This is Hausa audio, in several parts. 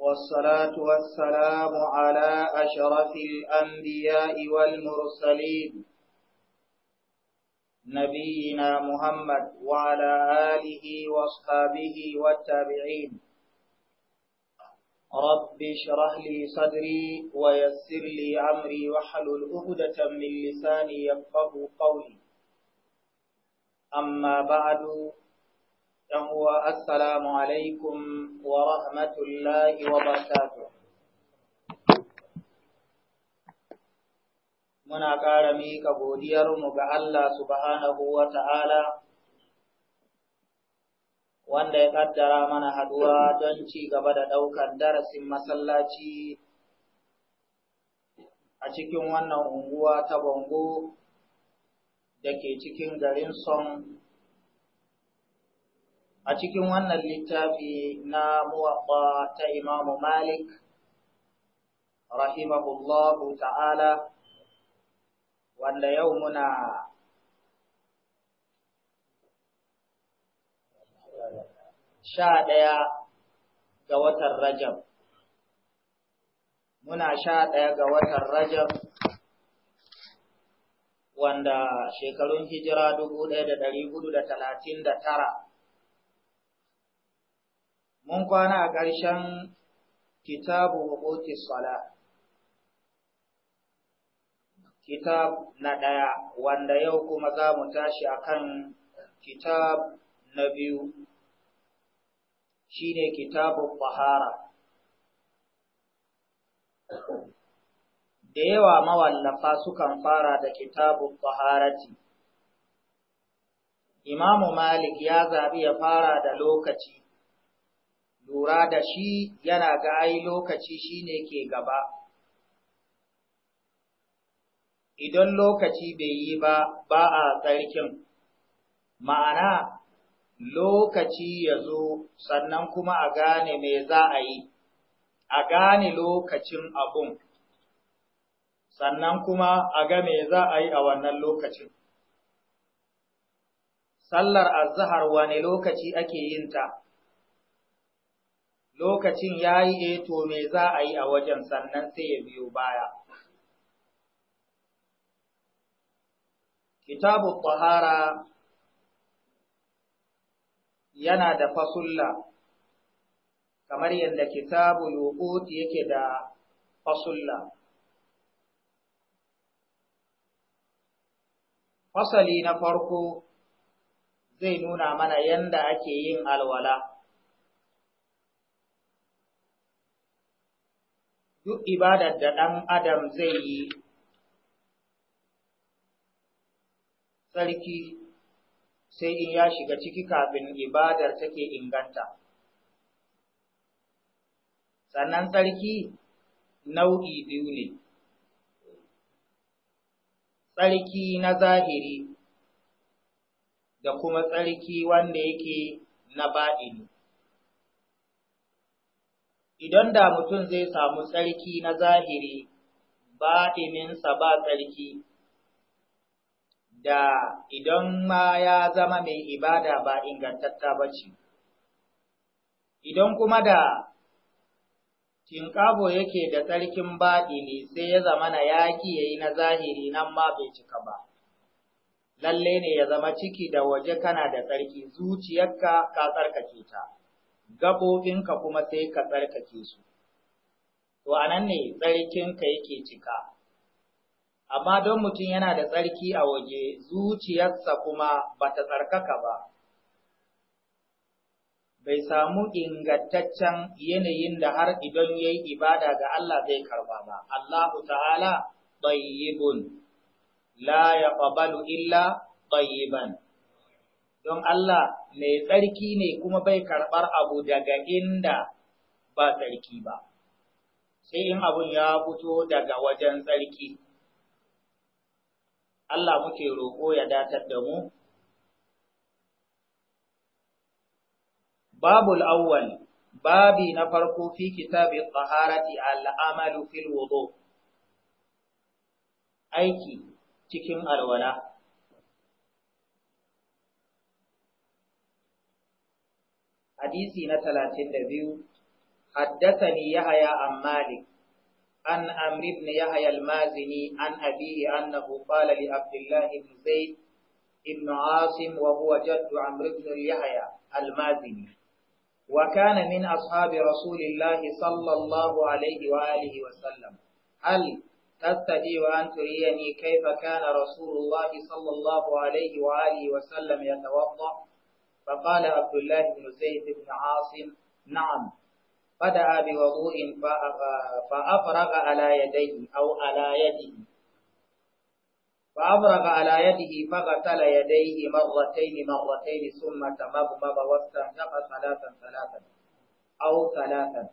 والصلاة والسلام على أشرف الأنبياء والمرسلين نبينا محمد وعلى آله واصحابه والتابعين رب اشرح لي صدري ويسر لي أمري واحلل عقدة من لساني يفقه قولي أما بعد dan uwa assalamu alaikum wa rahmatullahi wa barakatuh muna ƙara mika godiyarmu ga Allah subhanahu wa ta'ala wanda ya kaddara mana haduwa don ci gaba da ɗaukar darasin masallaci a cikin wannan unguwa ta Bongo da ke cikin garin Son a cikin wannan littafi na muwaɗa ta imamu malik rahimahullahu ta'ala wanda yau muna sha ɗaya ga watan rajab muna sha ɗaya ga watan rajab wanda shekarun hijira dubu ɗaya da ɗari hudu da talatin da tara mun kwana a ƙarshen kitabu hukuki sala kitab na ɗaya wanda yau kuma za mu tashi a kan kitab na biyu shine kitabun fahara da yawa mawallafa sukan fara da kitabun baharati imamu malik ya zaɓi ya fara da lokaci lura da shi yana ga ai lokaci shi ne ke gaba. Idan lokaci bai yi ba, ba a tsarkin, ma'ana lokaci ya zo sannan kuma a gane me za a yi, a gane lokacin abun, sannan kuma a ga me za a yi a wannan lokacin. Sallar azahar Wani lokaci ake yin ta? lokacin ya yi eto eh, me za a yi a wajen sannan sai ya biyo baya. Kitabu Tahara yana da fasulla, kamar yadda kitabu yoko yake da fasulla. Fasali na farko zai nuna mana yanda ake yin alwala. duk ibadar da ɗan adam zai yi tsarki sai in ya shiga ciki kafin ibadar take inganta. Sannan tsarki nau'i biyu ne, tsarki na zahiri da kuma tsarki wanda yake na ba'ini idan da mutum zai samu tsarki na zahiri baɗininsa ba tsarki, da idan ma ya zama mai ibada ba ingantatta ba ce. Idan kuma da tinƙabo yake da tsarkin ne, sai ya zama na yaki ya yi na zahiri nan ma bai cika ba. Lalle ne ya zama ciki da waje kana da tsarki zuciyarka ka tsarkake ta. Gabobinka kuma sai ka tsarkake su. To, a nan ne tsarkinka yake cika, amma don mutum yana da tsarki a waje zuciyarsa kuma ba ta tsarkaka ba. Bai samu ingantaccen yanayin da har idan ya yi ibada ga Allah zai karba ba, Allahu ta'ala bayyibun, la ya illa bayyiban. don Allah mai tsarki ne kuma bai karɓar abu daga inda ba tsarki ba, sai in abin ya fito daga wajen tsarki. Allah muke roƙo ya datar da mu. Babu awwal babi na farko fi kitabin tsaharati al'amalu fil wudu aiki cikin alwala. حديثي نتلا تندبيو حدثني يحيى عن مالك عن أمر بن يحيى المازني عن أبيه أنه قال لعبد الله بن زيد بن عاصم وهو جد عمرو بن يحيى المازني وكان من أصحاب رسول الله صلى الله عليه وآله وسلم هل تستطيع أن تريني كيف كان رسول الله صلى الله عليه وآله وسلم يتوضأ؟ فقال عبد الله بن زيد بن عاصم نعم فدعا بوضوء فأفرغ على يديه أو على يده فأبرغ على يده فغسل يديه مرتين مرتين ثم تمضمض واستنشق ثلاثا ثلاثا أو ثلاثا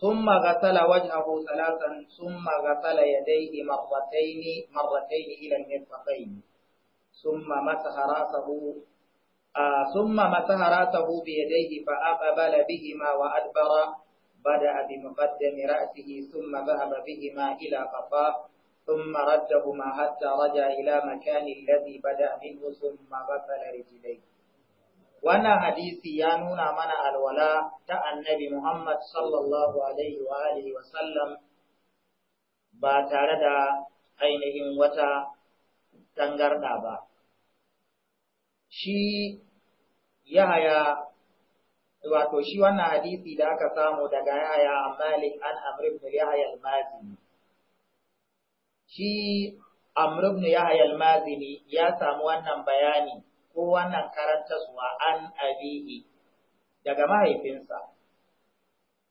ثم غسل وجهه ثلاثا ثم غسل يديه مرتين مرتين إلى المرفقين ثم مسح رأسه ثم مسح راسه بيديه فأقبل بهما وأدبر بدأ بمقدم رأسه ثم ذهب بهما إلى قفاه ثم ردهما حتى رجع إلى مكان الذي بدأ منه ثم غسل رجليه wannan hadisi ya nuna mana alwala ta annabi Muhammad sallallahu alaihi wa alihi wa sallam ba tare da ainihin wata tangarda ba shi Yahaya wato shi wannan hadisi da aka samu daga Yahaya a Malik an Amr ibn Yahya al-Mazini shi Amr ibn Yahya al-Mazini ya samu wannan bayani ko wannan suwa an abihi daga mahaifinsa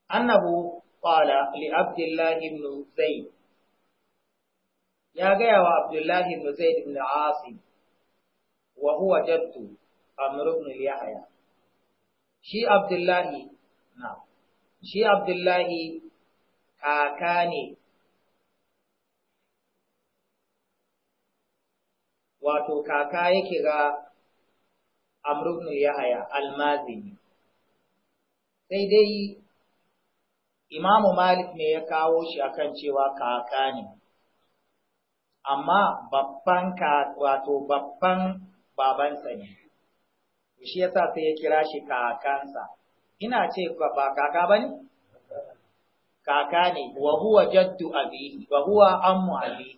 annahu qala li Abdullah ibn Zayd ya gaya wa Abdullah ibn Zayd ibn Asim wa huwa jaddu Amr ibn Yahya shi Abdullahi na shi Abdullahi kaka ne wato kaka yake ga Amr ibn Yahya almazi mazini sai dai Imamu Malik ne ya kawo shi akan cewa kaka ne amma babban ka wato babban babansa ne shi sa sai ya kira shi kakansa ina ce ba kaka ba ne? kaka ne wa huwa jaddu abihi wa huwa ammu abihi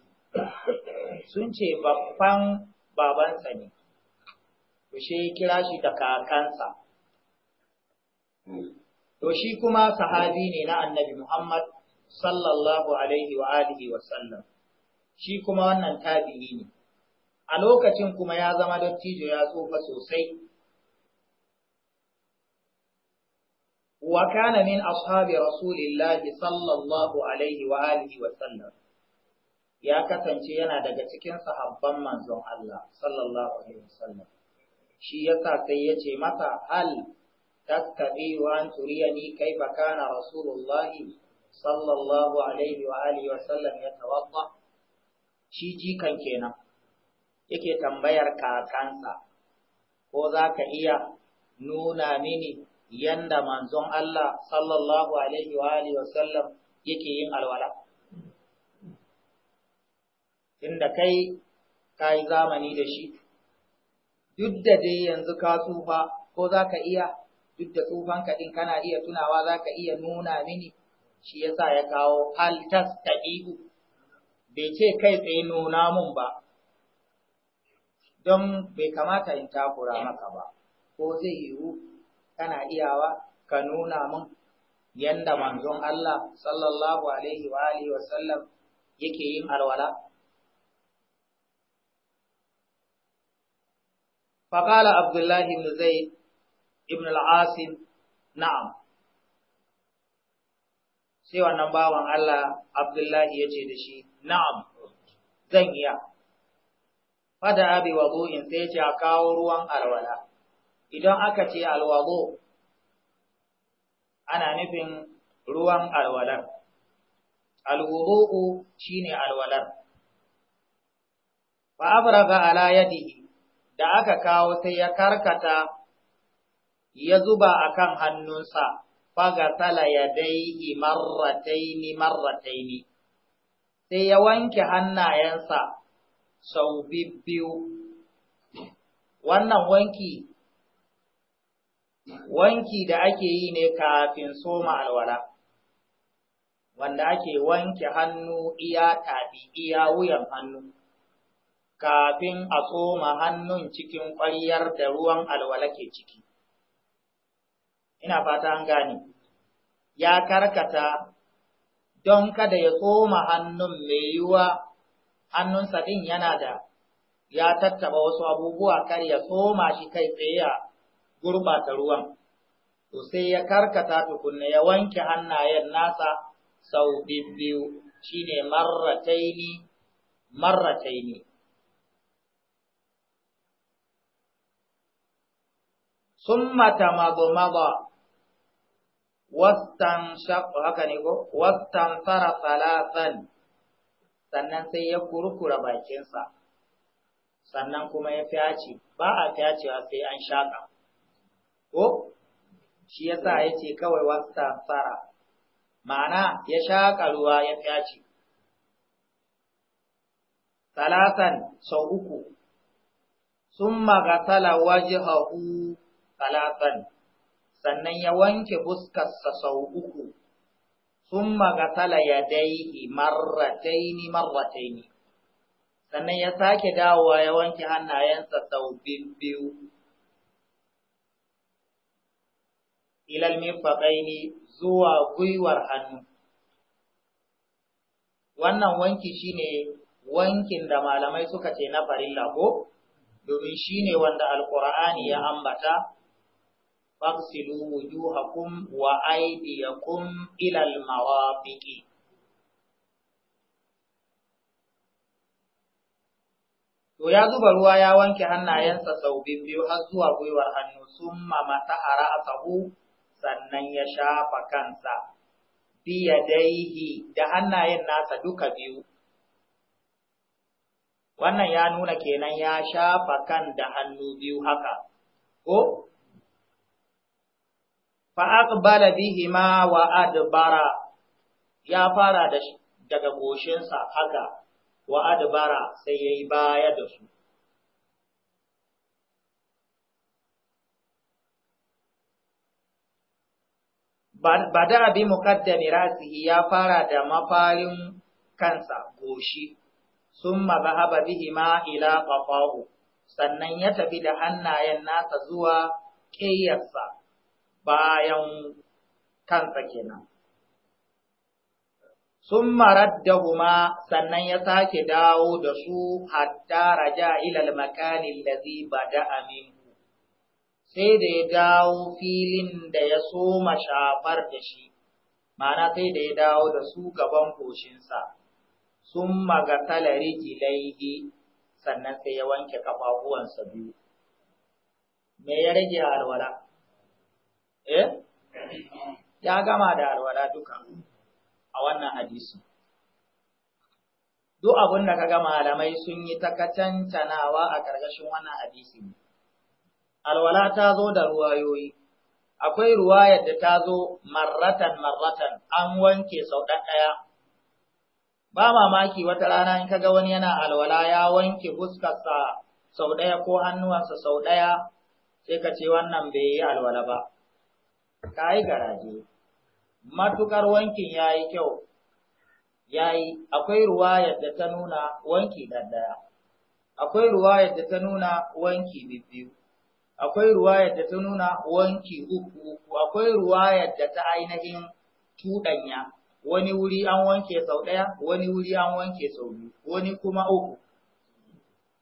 sun ce babban babansa ne shi ya kira shi da kakansa to shi kuma sahabi ne na annabi Muhammad sallallahu alaihi wa alihi wa sallam shi kuma wannan tabi ne a lokacin kuma ya zama dattijo ya tsufa sosai. Wa kana min ashabi Rasulillahi sallallahu alaihi wa wa sallam. Ya kasance yana daga cikin sahabban manzon Allah sallallahu alaihi wa sallam. Shi yasa sai yace ce mata hal tattabi wa an turiyani kaifa kana Rasulullahi sallallahu alaihi wa wa sallam ya Shi jikan kenan. yake tambayar kakansa, ko za ka iya nuna mini yanda manzon Allah sallallahu Alaihi wa wasallam yake yin alwala. Inda kai ka yi zamani da shi, duk da dai yanzu ka tsufa ko za ka iya, duk da tsufanka ɗin kana iya tunawa za ka iya nuna mini, shi yasa ya kawo hal tas bai ce kai tsaye nuna mun ba. don bai kamata in takura maka ba ko zai yiwu kana iyawa ka nuna min yanda manzon Allah sallallahu alaihi wa alihi wa sallam yake yin alwala فقال عبد الله بن زيد ابن العاصم نعم sai wannan bawan Allah Abdullahi ya ce da shi na'am zan iya fada abi in sai ce a kawo ruwan alwala idan aka ce alwado ana nufin ruwan alwalar alwudu'u shine alwalar fa afraga ala yadihi da aka kawo sai ya karkata ya zuba akan hannunsa fagasala yadaihi marrataini marrataini sai ya wanke hannayensa sau biyu. Wannan wanki, wanki da ake yi ne kafin soma alwala, wanda ake wanke hannu iya tafi iya wuyan hannu, kafin a soma hannun cikin ƙwaryar da ruwan alwala ke ciki. Ina fata an gane, ya karkata don kada ya tsoma hannun mai yiwuwa hannunsa din yana da ya tattaba wasu abubuwa kar ya soma shi kai tsaye ya gurɓata ruwan. To sai ya karkata tukunna ya wanke hannayen nasa sau biyu shine marrataini marrataini. Summa tamadmada wastan shaq haka ne ko wastan sara salatan sannan sai ya kurkura bakinsa sannan kuma ya fyace ba a fyacewa sai an shaƙa ko shi yasa ya ce kawai wasta tsara ma'ana ya shaƙa ruwa ya fyace talatan sau uku sun magatala wajihahu talatan sannan ya wanke fuskarsa sau uku summa gasala yadaihi marrataini marrataini sannan ya sake dawowa ya wanke hannayensa sau biyu ilal mifaqaini zuwa gwiwar hannu wannan wanki ne wankin da malamai suka ce na farilla ko domin shine wanda Alƙur'ani ya ambata فاغسلوا وجوهكم وأيديكم إلى المرافق To ya zuba ruwa ya wanke hannayensa sau biyu har zuwa gwiwar hannu sun mamata a ra'asahu sannan ya shafa kansa, biya daihi da hannayen nasa duka biyu. Wannan ya nuna kenan ya shafa kan da hannu biyu haka, ko? bihi ma wa adbara ya fara daga goshinsa haka wa adbara sai yayi baya da su bada bi muqaddami rasihi ya fara da mafarin kansa goshi summa bihi ma ila qafahu sannan ya tafi da hannayen nasa zuwa ƙeyarsa bayan kansa kenan. Sun marar da huma sannan ya sake dawo da su hatta raja ilal makanin zai bada aminku, sai da ya dawo filin da ya soma shafar da shi, mana sai da ya dawo da su gaban koshinsa, sun magasala rijilaihi sannan sai ya wanke ƙafafuwansa biyu. Me ya rage alwara eh ya gama da alwala duka a wannan hadisi duk abin da kaga malamai sun yi ta kacancanawa a ƙarƙashin wannan hadisi alwala ta zo da ruwayoyi akwai ruwayar da ta zo marratan marratan an wanke sau ɗaya ba mamaki wata rana in kaga wani yana alwala ya wanke fuskarsa sau ɗaya ko hannuwansa sau ɗaya sai ka ce wannan bai yi alwala ba ka yi garaje matukar wankin ya yi kyau ya yi akwai ruwayar da ta nuna wanki ɗaɗɗaya akwai ruwayar da ta nuna wanki biyu akwai ruwayar da ta nuna wanki uku uku akwai ruwayar da ta ainihin tuɗanya wani wuri an wanke sau ɗaya wani wuri an wanke sau biyu wani kuma uku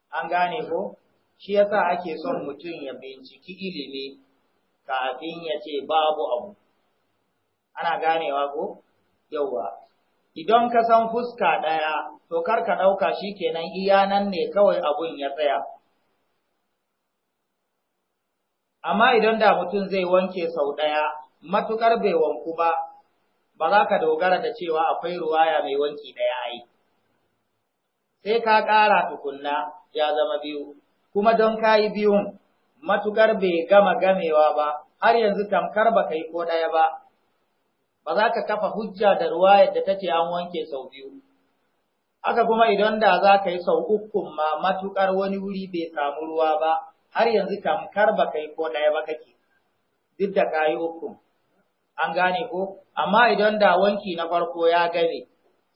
an gane ko shi yasa ake son mutum ya binciki ilimi kafin ya ce babu abu ana ganewa ko yauwa idan ka san fuska ɗaya to kar ka ɗauka shi kenan iya nan ne kawai abun ya tsaya amma idan da mutum zai wanke sau ɗaya matuƙar bai wanku ba ba za ka dogara da cewa akwai ruwaya mai wanki ɗaya ai sai ka ƙara tukunna ya zama biyu kuma don ka yi biyun matukar bai gama gamewa ba, har yanzu tamkar ba yi ko ɗaya ba, ba za ka kafa hujja da ruwa yadda ta ce an wanke sau biyu. Haka kuma idan da za ka yi sau uku ma matukar wani wuri bai samu ruwa ba, har yanzu tamkar ba yi ko ɗaya ba kake, duk da ka yi uku. An gane ko, amma idan da wanki na farko ya game,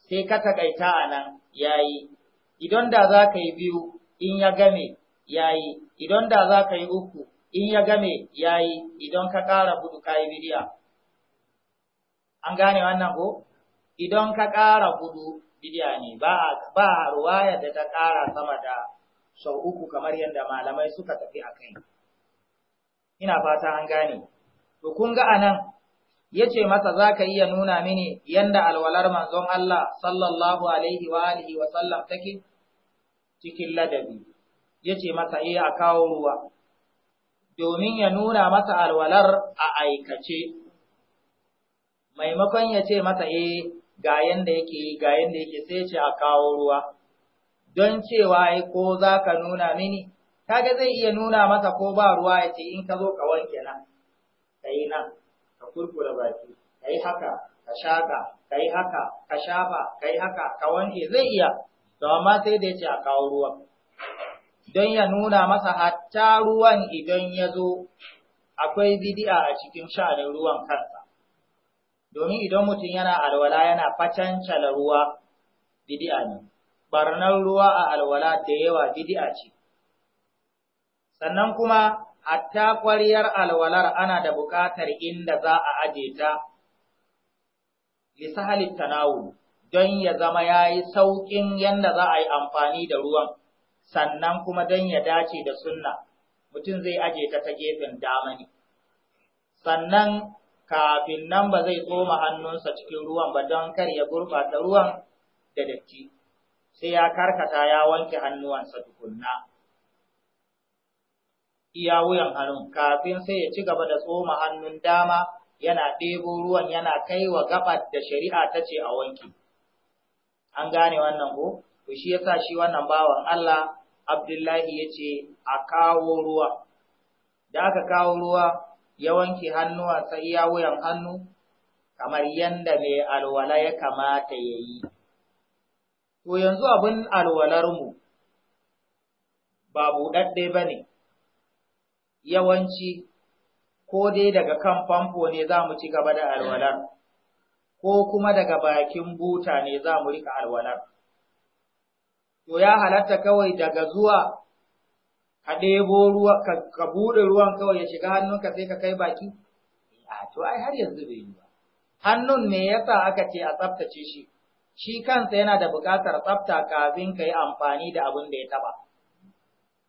sai ka taƙaita a nan ya yi, idan da za ka yi biyu in ya game, yayi idan da za ka yi uku in ya game yayi idan ka ƙara hudu ka yi bidiya an gane wannan ko idan ka ƙara hudu bidiya ne ba a ruwaya da ta ƙara sama da sau uku kamar yadda malamai suka tafi a kai ina fata an gane to kun ga anan yace masa zaka iya nuna mini yanda alwalar manzon Allah sallallahu alaihi wa alihi wa sallam take cikin ladabi ya ce masa iya eh, a kawo ruwa, domin ya nuna masa alwalar a aikace, maimakon ya ce masa iya eh, ga yadda yake ga yake sai ce a kawo ruwa, don cewa yi ko za ka nuna mini, kaga zai iya nuna masa ko ba ruwa ya ce in ka zo ka wanke nan, ka yi nan, ka kurkura baki, ka yi haka, ka shaka ka yi haka, ka shafa, ka yi haka, ka wanke zai iya, to amma sai da ya a kawo ruwa. don ya nuna masa hatta ruwan idan ya zo akwai bidi'a a cikin sha'anin ruwan kansa. Domin idan mutum yana alwala yana facancala ruwa bidi'a ne, barnar ruwa a alwala da yawa bidi'a ce. Sannan kuma hatta ƙwariyar alwalar ana da buƙatar inda za a aje ta lisahalit tanawu don ya zama ya yi sauƙin yadda za a yi amfani da ruwan. sannan kuma don ya dace da sunna mutum zai aje ta ta gefen dama ne sannan kafin nan ba zai tsoma hannunsa cikin ruwan ba don kar ya gurɓata ruwan da datti sai ya karkata ya wanke hannuwansa tukunna iya wuyan hannun kafin sai ya ci gaba da tsoma hannun dama yana ɗebo ruwan yana kaiwa wa gabar da shari'a ta ce a wanke an gane wannan ko to shi yasa shi wannan bawan Allah Abdullahi ya ce a kawo ruwa da aka kawo ruwa ya wanke hannuwa sai ya wuyan hannu kamar yanda mai alwala ya kamata ya yi to yanzu abin alwalarmu ba buɗaɗɗe ba ne yawanci ko dai daga kan famfo ne za mu ci gaba da alwalar ko kuma daga bakin buta ne za mu rika alwalar to ya halatta kawai daga zuwa ka ɗebo ruwa ka buɗe ruwan kawai ya shiga hannunka sai ka kai baki a to ai har yanzu bai yi ba hannun me yasa aka ce a tsaftace shi shi kansa yana da buƙatar tsafta kafin ka yi amfani da abin da ya taɓa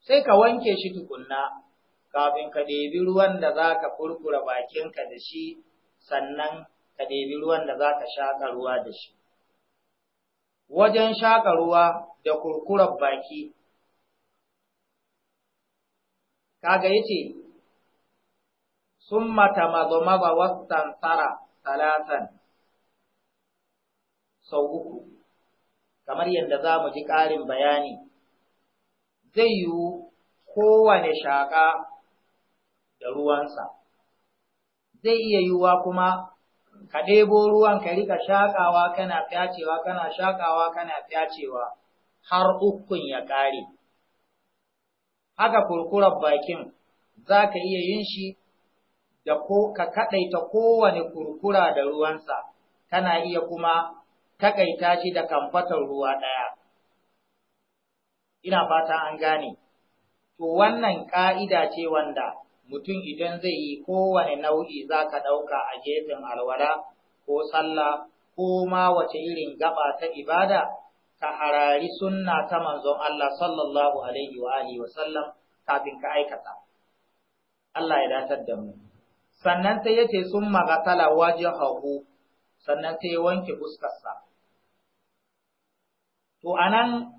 sai ka wanke shi tukunna kafin ka ɗebi ruwan da za ka kurkura bakinka da shi sannan ka ɗebi ruwan da za ka shaƙa ruwa da shi wajen shaƙa ruwa da kurkurar baki. Kaga yace summa tamazamaza wastan tsara talatan sau uku, kamar yadda za mu ji ƙarin bayani, zai yiwu kowane shaƙa da ruwansa, zai iya yiwuwa kuma ka ɗebo ruwan ka rika shaƙawa kana fyacewa kana shaƙawa kana fyacewa har ukun ya ƙare. Haka kurkurar bakin za ka iya yin shi da ka kaɗaita kowane kurkura da ruwansa, kana iya kuma taƙaita shi da kamfatar ruwa ɗaya. Ina fata an gane, to wannan ƙa'ida ce wanda mutum idan zai yi kowane nau'i za ka ɗauka a gefen alwala ko sallah ko ma wace irin gaba ta ibada ka harari sunna ta manzon Allah sallallahu alaihi wa alihi wa sallam kafin ka aikata Allah ya datar da mu sannan sai yace sun magatala wajhahu sannan sai wanke fuskarsa to anan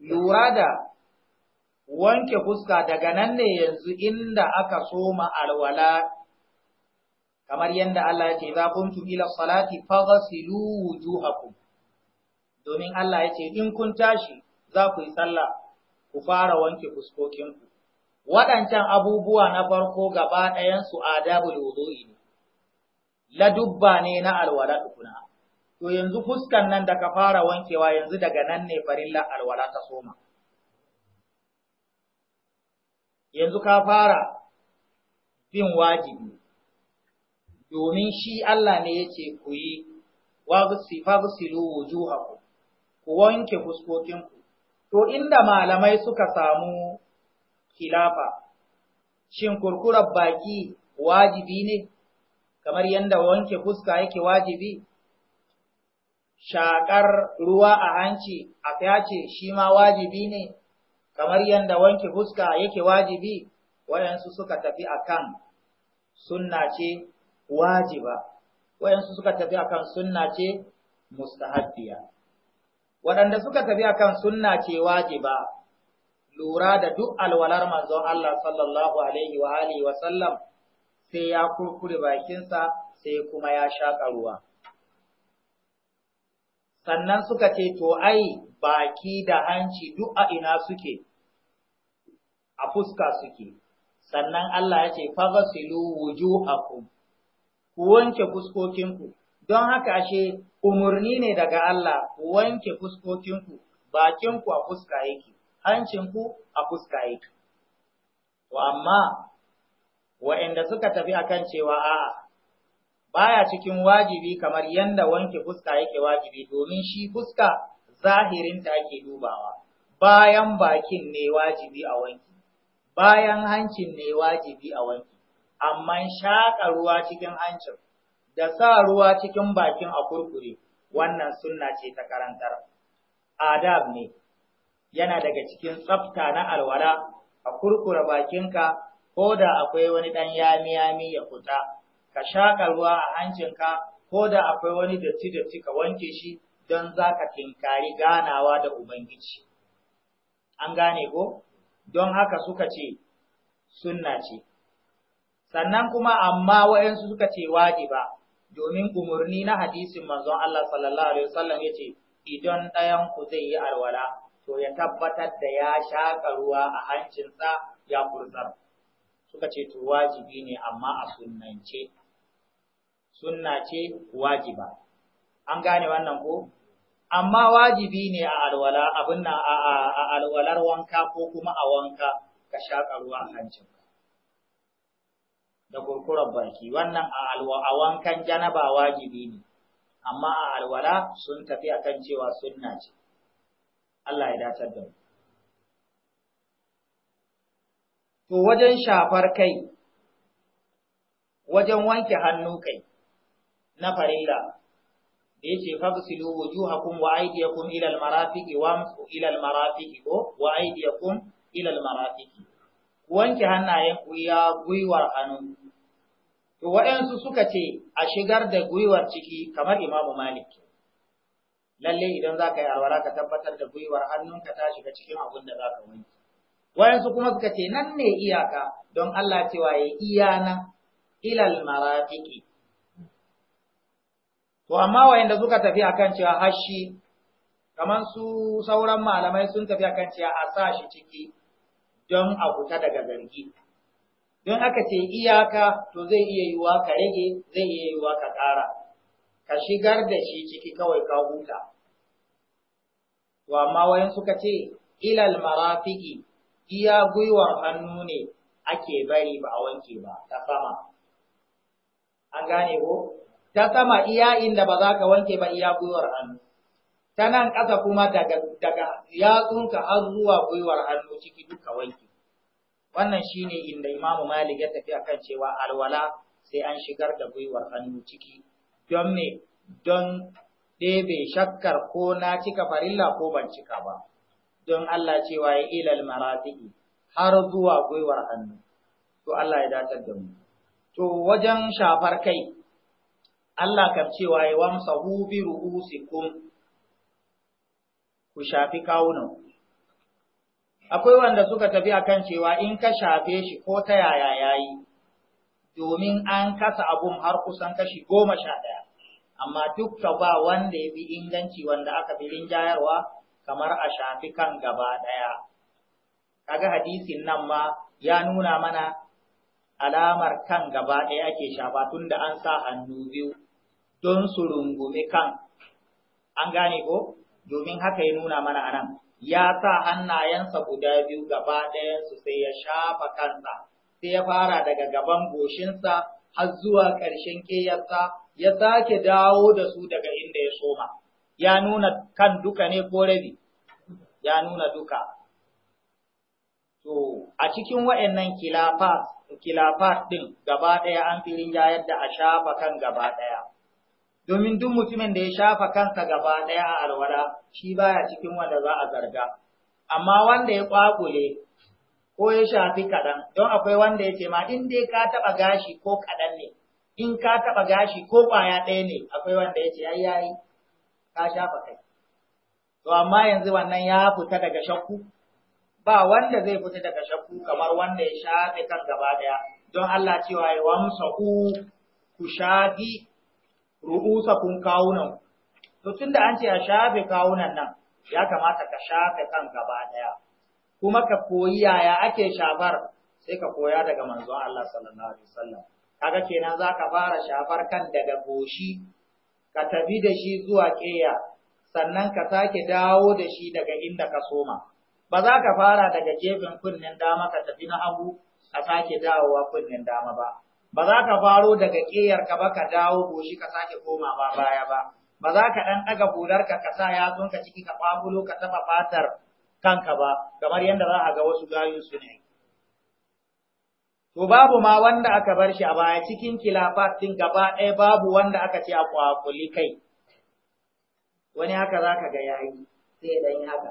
lura da wanke fuska daga nan ne yanzu inda aka soma alwala kamar yadda Allah ya ce za kuntum ila salati faghsilu wujuhakum domin Allah ya ce in kun tashi za ku yi sallah ku fara wanke fuskokinku waɗancan abubuwa na farko gaba ɗayan su adabul wudu'i ne dubba ne na alwala tukuna to yanzu fuskan nan da ka fara wankewa yanzu daga nan ne farilla alwala ta soma yanzu ka fara bin wajibi domin shi Allah ne yake ku yi fagsilu wujuhaku ku wanke fuskokinku to inda malamai suka samu kilafa shin kurkurar baki wajibi ne kamar yadda wanke fuska yake wajibi shakar ruwa a hanci a ce shi ma wajibi ne kamar yadda wanke fuska yake wajibi wayansu suka tafi akan sunna ce wajiba wayansu suka tafi akan sunna ce mustahabbiya waɗanda suka tafi akan sunna ce wajiba lura da duk alwalar manzon Allah sallallahu alaihi wa alihi wa sallam sai ya kurkure bakinsa sai kuma ya shaƙa ruwa sannan suka ce to ai baki da hanci duk a ina suke a fuska suke sannan Allah ya ce wuju wujuhakum ku wanke fuskokinku don haka ashe umurni ne daga Allah ku wanke fuskokinku bakinku a fuska yake ku a fuska yake to amma wa'anda suka tafi akan cewa a'a baya cikin wajibi kamar yanda wanke fuska yake wajibi domin shi fuska zahirinta ake dubawa bayan bakin ne wajibi a wanki bayan hancin ne wajibi a wanki amma shaƙa ruwa cikin hancin da sa ruwa cikin bakin a kurkure wannan sunna ce ta karantar adab ne yana daga cikin tsafta na alwala a kurkura bakinka ko da akwai wani ɗan yami-yami ya fita ka shaƙa ruwa a hancinka ko da akwai wani datti-datti ka wanke shi don za ka tinkari ganawa da Ubangiji. An gane ko? Don haka suka ce, sunna ce. Sannan kuma amma wa'yansu suka ce ba, domin umarni na hadisin manzon Allah sallallahu Alaihi wasallam ya ce, idan ɗayan ku zai yi alwala, to ya tabbatar da ya shaƙa ruwa a hancinsa ya kurzar. Suka ce, to wajibi ne amma a sunnance. sunna ce wajiba an gane wannan ko amma wajibi ne a alwala abin nan a alwalar wanka ko kuma a wanka ka shaƙa ruwa a ka. da kurkurar barki wannan a alwa a wankan janaba wajibi ne amma a alwala sun tafi akan cewa sunna ce Allah ya dace da mu to wajen shafar kai wajen wanke hannu kai na farilla da yace fagsilu wujuhakum wa aydiyakum ila almarafiqi amsu ila almarafiqi ko wa aydiyakum ila almarafiqi wanke hannayen ku ya gwiwar hannu to waɗansu suka ce a shigar da gwiwar ciki kamar imamu malik lalle idan zaka yi alwala ka tabbatar da gwiwar hannunka ta shiga cikin abin da za ka wanke wayansu kuma suka ce nan ne iyaka don Allah cewa ya iya nan ilal marafiki To amma wayanda suka tafi akan cewa hashi kamar su sauran malamai sun tafi akan cewa a sa shi ciki don a huta daga zargi. Don aka ce iyaka to zai iya yiwuwa ka rage zai iya yiwuwa ka ƙara. Ka shigar da shi ciki kawai ka huta. To amma wayan suka ce ilal marafiki iya gwiwar hannu ne ake bari ba a wanke ba ta sama. An gane ko? ta sama iya inda ba za ka wanke ba iya gwiwar hannu ta nan ƙasa kuma daga daga yatsunka har zuwa gwiwar hannu ciki duka wanke wannan shine inda imamu malik ya tafi akan cewa alwala sai an shigar da gwiwar hannu ciki don me don ɗebe shakkar ko na cika farilla ko ban cika ba don Allah cewa ya ilal marati'i har zuwa gwiwar hannu to Allah ya datar da mu to wajen shafar kai Allah kan cewa ya wamsa hubi ru'usikum ku shafi kawunan. Akwai wanda suka tafi akan cewa in ka shafe shi ko ta yaya yayi, domin an kasa abun har kusan kashi goma sha ɗaya, amma dukka ba wanda ya fi inganci wanda aka fi rinjayarwa kamar a shafi kan gaba ɗaya. Kaga hadisin nan ma ya nuna mana alamar kan gaba ɗaya ake shafa tun da an sa hannu biyu don su rungume kan an gane ko domin haka ya nuna mana anan ya sa hannayensa guda biyu gaba ɗayansu sai ya shafa kansa sai ya fara daga gaban goshinsa har zuwa ƙarshen ƙeyarsa ya sake dawo da su daga inda ya soma ya nuna kan duka ne ko rabi ya nuna duka to a cikin wayannan kilafat ɗin gaba ɗaya an firin ya da a shafa kan gaba ɗaya domin duk mutumin da ya shafa kansa gaba ɗaya a alwala shi baya cikin wanda za a zarga amma wanda ya kwakule ko ya shafi kaɗan don akwai wanda ya ce ma in dai ka taɓa gashi ko kaɗan ne in ka taɓa gashi ko ƙwaya ɗaya ne akwai wanda ya ce ai yayi ka shafa kai to amma yanzu wannan ya fita daga shakku ba wanda zai fita daga shakku kamar wanda ya shafe kan gaba ɗaya, don Allah cewa ya wamsa ku shafi ru'usa kun kawunan to tunda an ce a shafe kawunan nan ya kamata ka shafe kan gaba daya kuma ka koyi yaya ake shafar sai ka koya daga manzon Allah sallallahu alaihi wasallam kaga kenan zaka fara shafar kan daga goshi ka tafi da shi zuwa keya sannan ka sake dawo da shi daga inda ka soma ba za ka fara daga gefen kunnen dama ka tafi na hagu ka sake dawowa kunnen dama ba ba za ka faro daga kiyar ka ba ka dawo goshi ka sake koma ba baya ba ba za ka ɗan ɗaga hular ka ka sa yatsun ka ciki ka fabulo ka taɓa fatar kanka ba kamar yadda za a ga wasu gayu su ne to babu ma wanda aka bar shi a baya cikin kilafatin gaba ɗaya babu wanda aka ce a kwakuli kai wani haka za ka ga yayi sai ya ɗan haka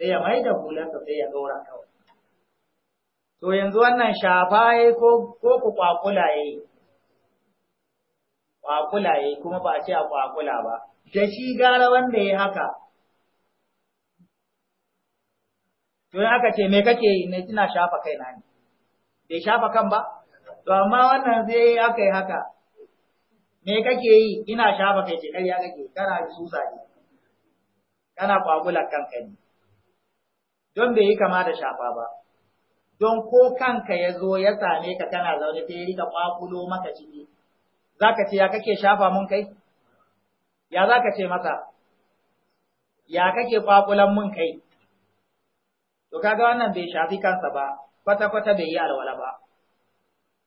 sai ya mai da ka sai ya ɗora kawai to yanzu wannan shafa ya ko ku kwakula ya kwakula ya kuma ba a ce a kwakula ba, da shi gara wanda ya haka. To ya aka ce, me kake yi ne ina shafa kai na ne, bai shafa kan ba? To amma wannan sai aka yi haka, me kake yi ina shafa kai ce ya kake, kana susa ne, kana kwakula kanka ne, don bai yi kama da shafa ba. don ko kanka ya zo ya same ka kana zaune sai ya rika kwakulo maka ciki za ka ce ya kake shafa mun kai ya za ka ce masa ya kake kwakulan mun kai to kaga wannan bai shafi kansa ba kwata-kwata bai yi alwala ba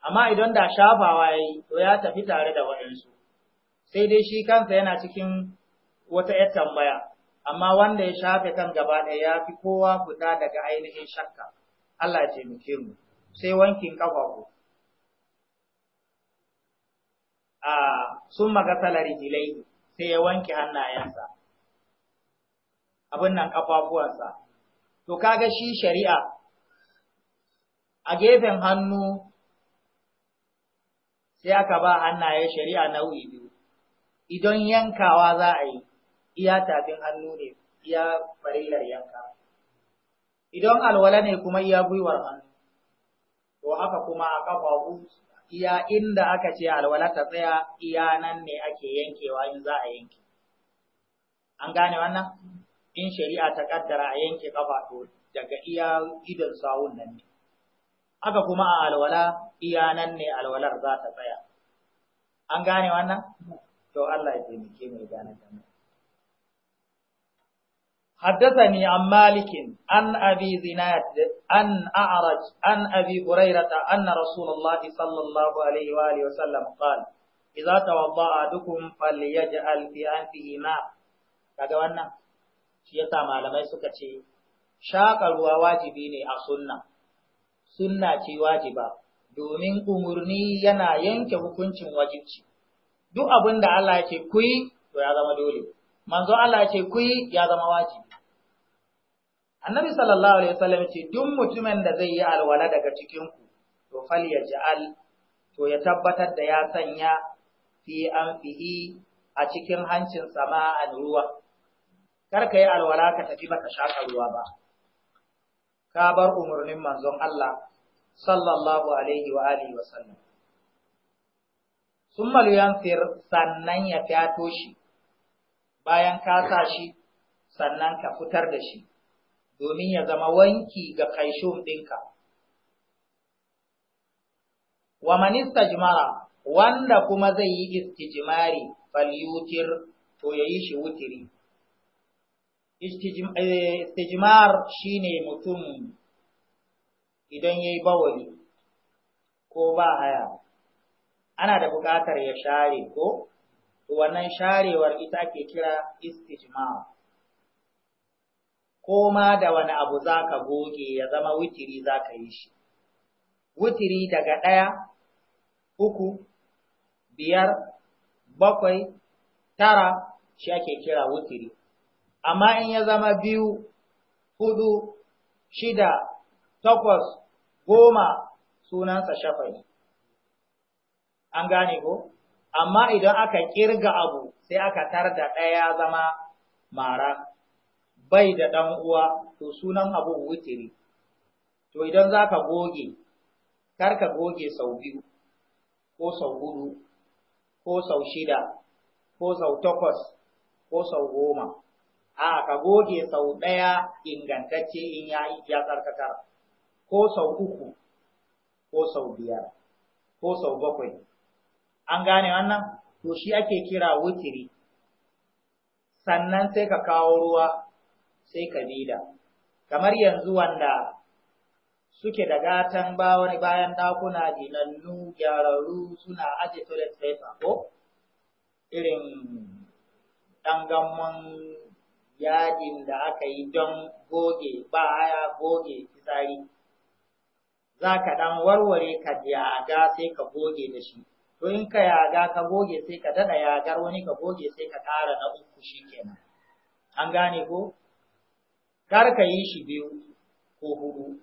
amma idan da shafawa ya yi to ya tafi tare da waɗansu sai dai shi kansa yana cikin wata ‘yar tambaya amma wanda ya shafe kan gaba ɗaya ya fi kowa fita daga ainihin shakka Allah ya taimake mu sai wankin ko. a sun magasala rijilai sai ya wanke hannayensa abin nan ƙafafuwansa to kaga shi shari'a a gefen hannu sai aka ba hannaye shari'a nau'i biyu idan yankawa za a yi iya tafin hannu ne iya farillar yanka idan alwala ne kuma iya gwiwar hannu to haka kuma a ƙafafu iya inda aka ce alwala ta tsaya iya nan ne ake yankewa in za a yanke an gane wannan in shari'a ta kaddara a yanke kafa to daga iya idan sawun nan ne haka kuma a alwala iya nan ne alwalar za ta tsaya an gane wannan to Allah ya taimake mu ya gane حدثني عن مالك عن أبي زناد عن أعرج عن أبي هريرة أن رسول الله صلى الله عليه وآله وسلم قال إذا توضأ أحدكم فليجعل في أنفه ماء kaga wannan shi yasa malamai suka ce shaƙa ruwa wajibi ne a sunna sunna ce wajiba domin umurni yana yanke hukuncin wajibci duk abin da Allah ya ce to ya zama dole manzo Allah ce ku yi ya zama wajibi annabi sallallahu alaihi wasallam ce duk mutumin da zai yi alwala daga cikin ku to fal to ya tabbatar da ya sanya fi fihi a cikin hancin sama a ruwa kar ka yi alwala ka tafi baka shaka ruwa ba ka bar umarnin manzon Allah sallallahu alaihi wa alihi wasallam summa yunsir sannan ya fyato shi bayan ka sa shi sannan ka fitar da shi domin ya zama wanki ga kaishon ɗinka. Wa manista jimara wanda kuma zai yi istijimari falyutir to ya yi shi wutiri. Istijimar eh, shi ne mutum idan ya yi bawali ko ba haya, ana da buƙatar ya share ko wannan sharewar ita ke kira istijma ko ma da wani abu za ka goge ya zama wutiri za ka yi shi Wutiri daga ɗaya uku biyar bakwai tara shi ake kira witiri amma in ya zama biyu hudu shida takwas goma sunansa shafa'i an gane ko amma idan aka kirga abu sai aka tar da ɗaya zama mara bai da ɗan uwa to sunan abun wutiri to idan za ka goge kar ka goge sau biyu ko sau hudu ko sau shida ko sau takwas ko sau goma a ka goge sau ɗaya ingantacce in ya ya tsarkakar ko sau uku ko sau biyar ko sau bakwai an gane wannan to shi ake kira wutiri sannan sai ka kawo ruwa sai ka bida kamar yanzu wanda suke da gatan ba wani bayan ɗakuna ginannu gyararru suna aje toilet paper ko irin ɗangamman yadin da aka yi don goge ba baya goge fitsari za ka ɗan warware ka ga sai ka goge da shi to in ka yaga ka goge sai ka dada yagar wani ka goge sai ka ƙara na uku shikenan an gane ko kar ka yi shi biyu ko hudu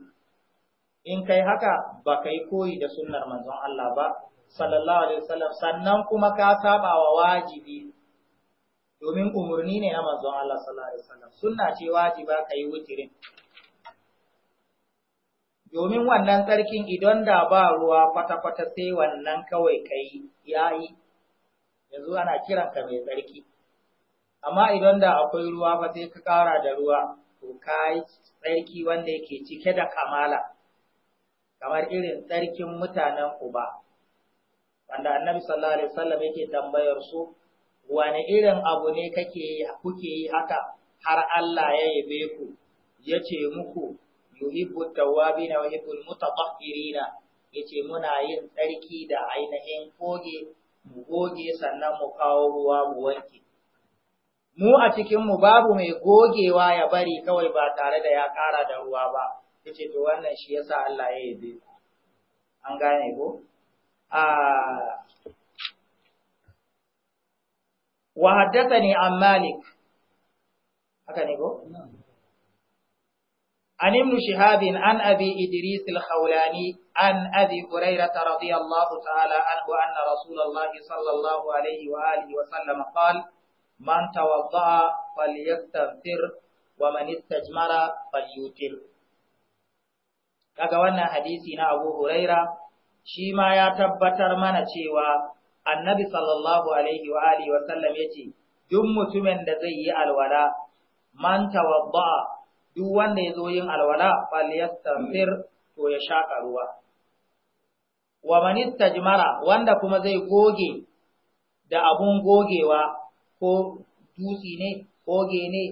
in kai haka ba kai koyi da sunnar manzon Allah ba sallallahu alaihi wasallam sannan kuma ka saba wa wajibi domin umurni ne na manzon Allah sallallahu alaihi wasallam sunna ce wajiba kai wutirin domin wannan tsarkin idan da ba ruwa kwata-kwata sai wannan kawai kai yi, yanzu ana kiranka mai tsarki amma idan da akwai ruwa ba sai ka ƙara da ruwa to yi tsarki wanda yake cike da kamala kamar irin tsarkin mutanen uba wanda annabi sallallahu alaihi yake tambayar su wani irin abu ne kake kuke yi haka har Allah ya yabe ku ya ce muku yuhibbu tawwabina wa yuhibbu mutatahhirina yace muna yin tsarki da ainihin goge mu goge sannan mu kawo ruwa mu wanke mu a cikin mu babu mai gogewa ya bari kawai ba tare da ya ƙara da ruwa ba yace to wannan shi yasa Allah ya yabe ku an gane ko a وحدثني عن مالك ne ko عن ابن شهاب عن أبي إدريس الخولاني عن أبي هريرة رضي الله تعالى عنه أن رسول الله صلى الله عليه وآله وسلم قال من توضأ فليستغفر ومن استجمر فليوتر kaga wannan hadisi na Abu Huraira shi ma ya tabbatar mana cewa Annabi sallallahu alaihi wa alihi wa sallam yace duk mutumin da zai yi alwala man tawadda duk wanda ya zo yin alwala falyastafir to ya shaka ruwa wa man jimara wanda kuma zai goge da abun gogewa ko dusi ne goge ne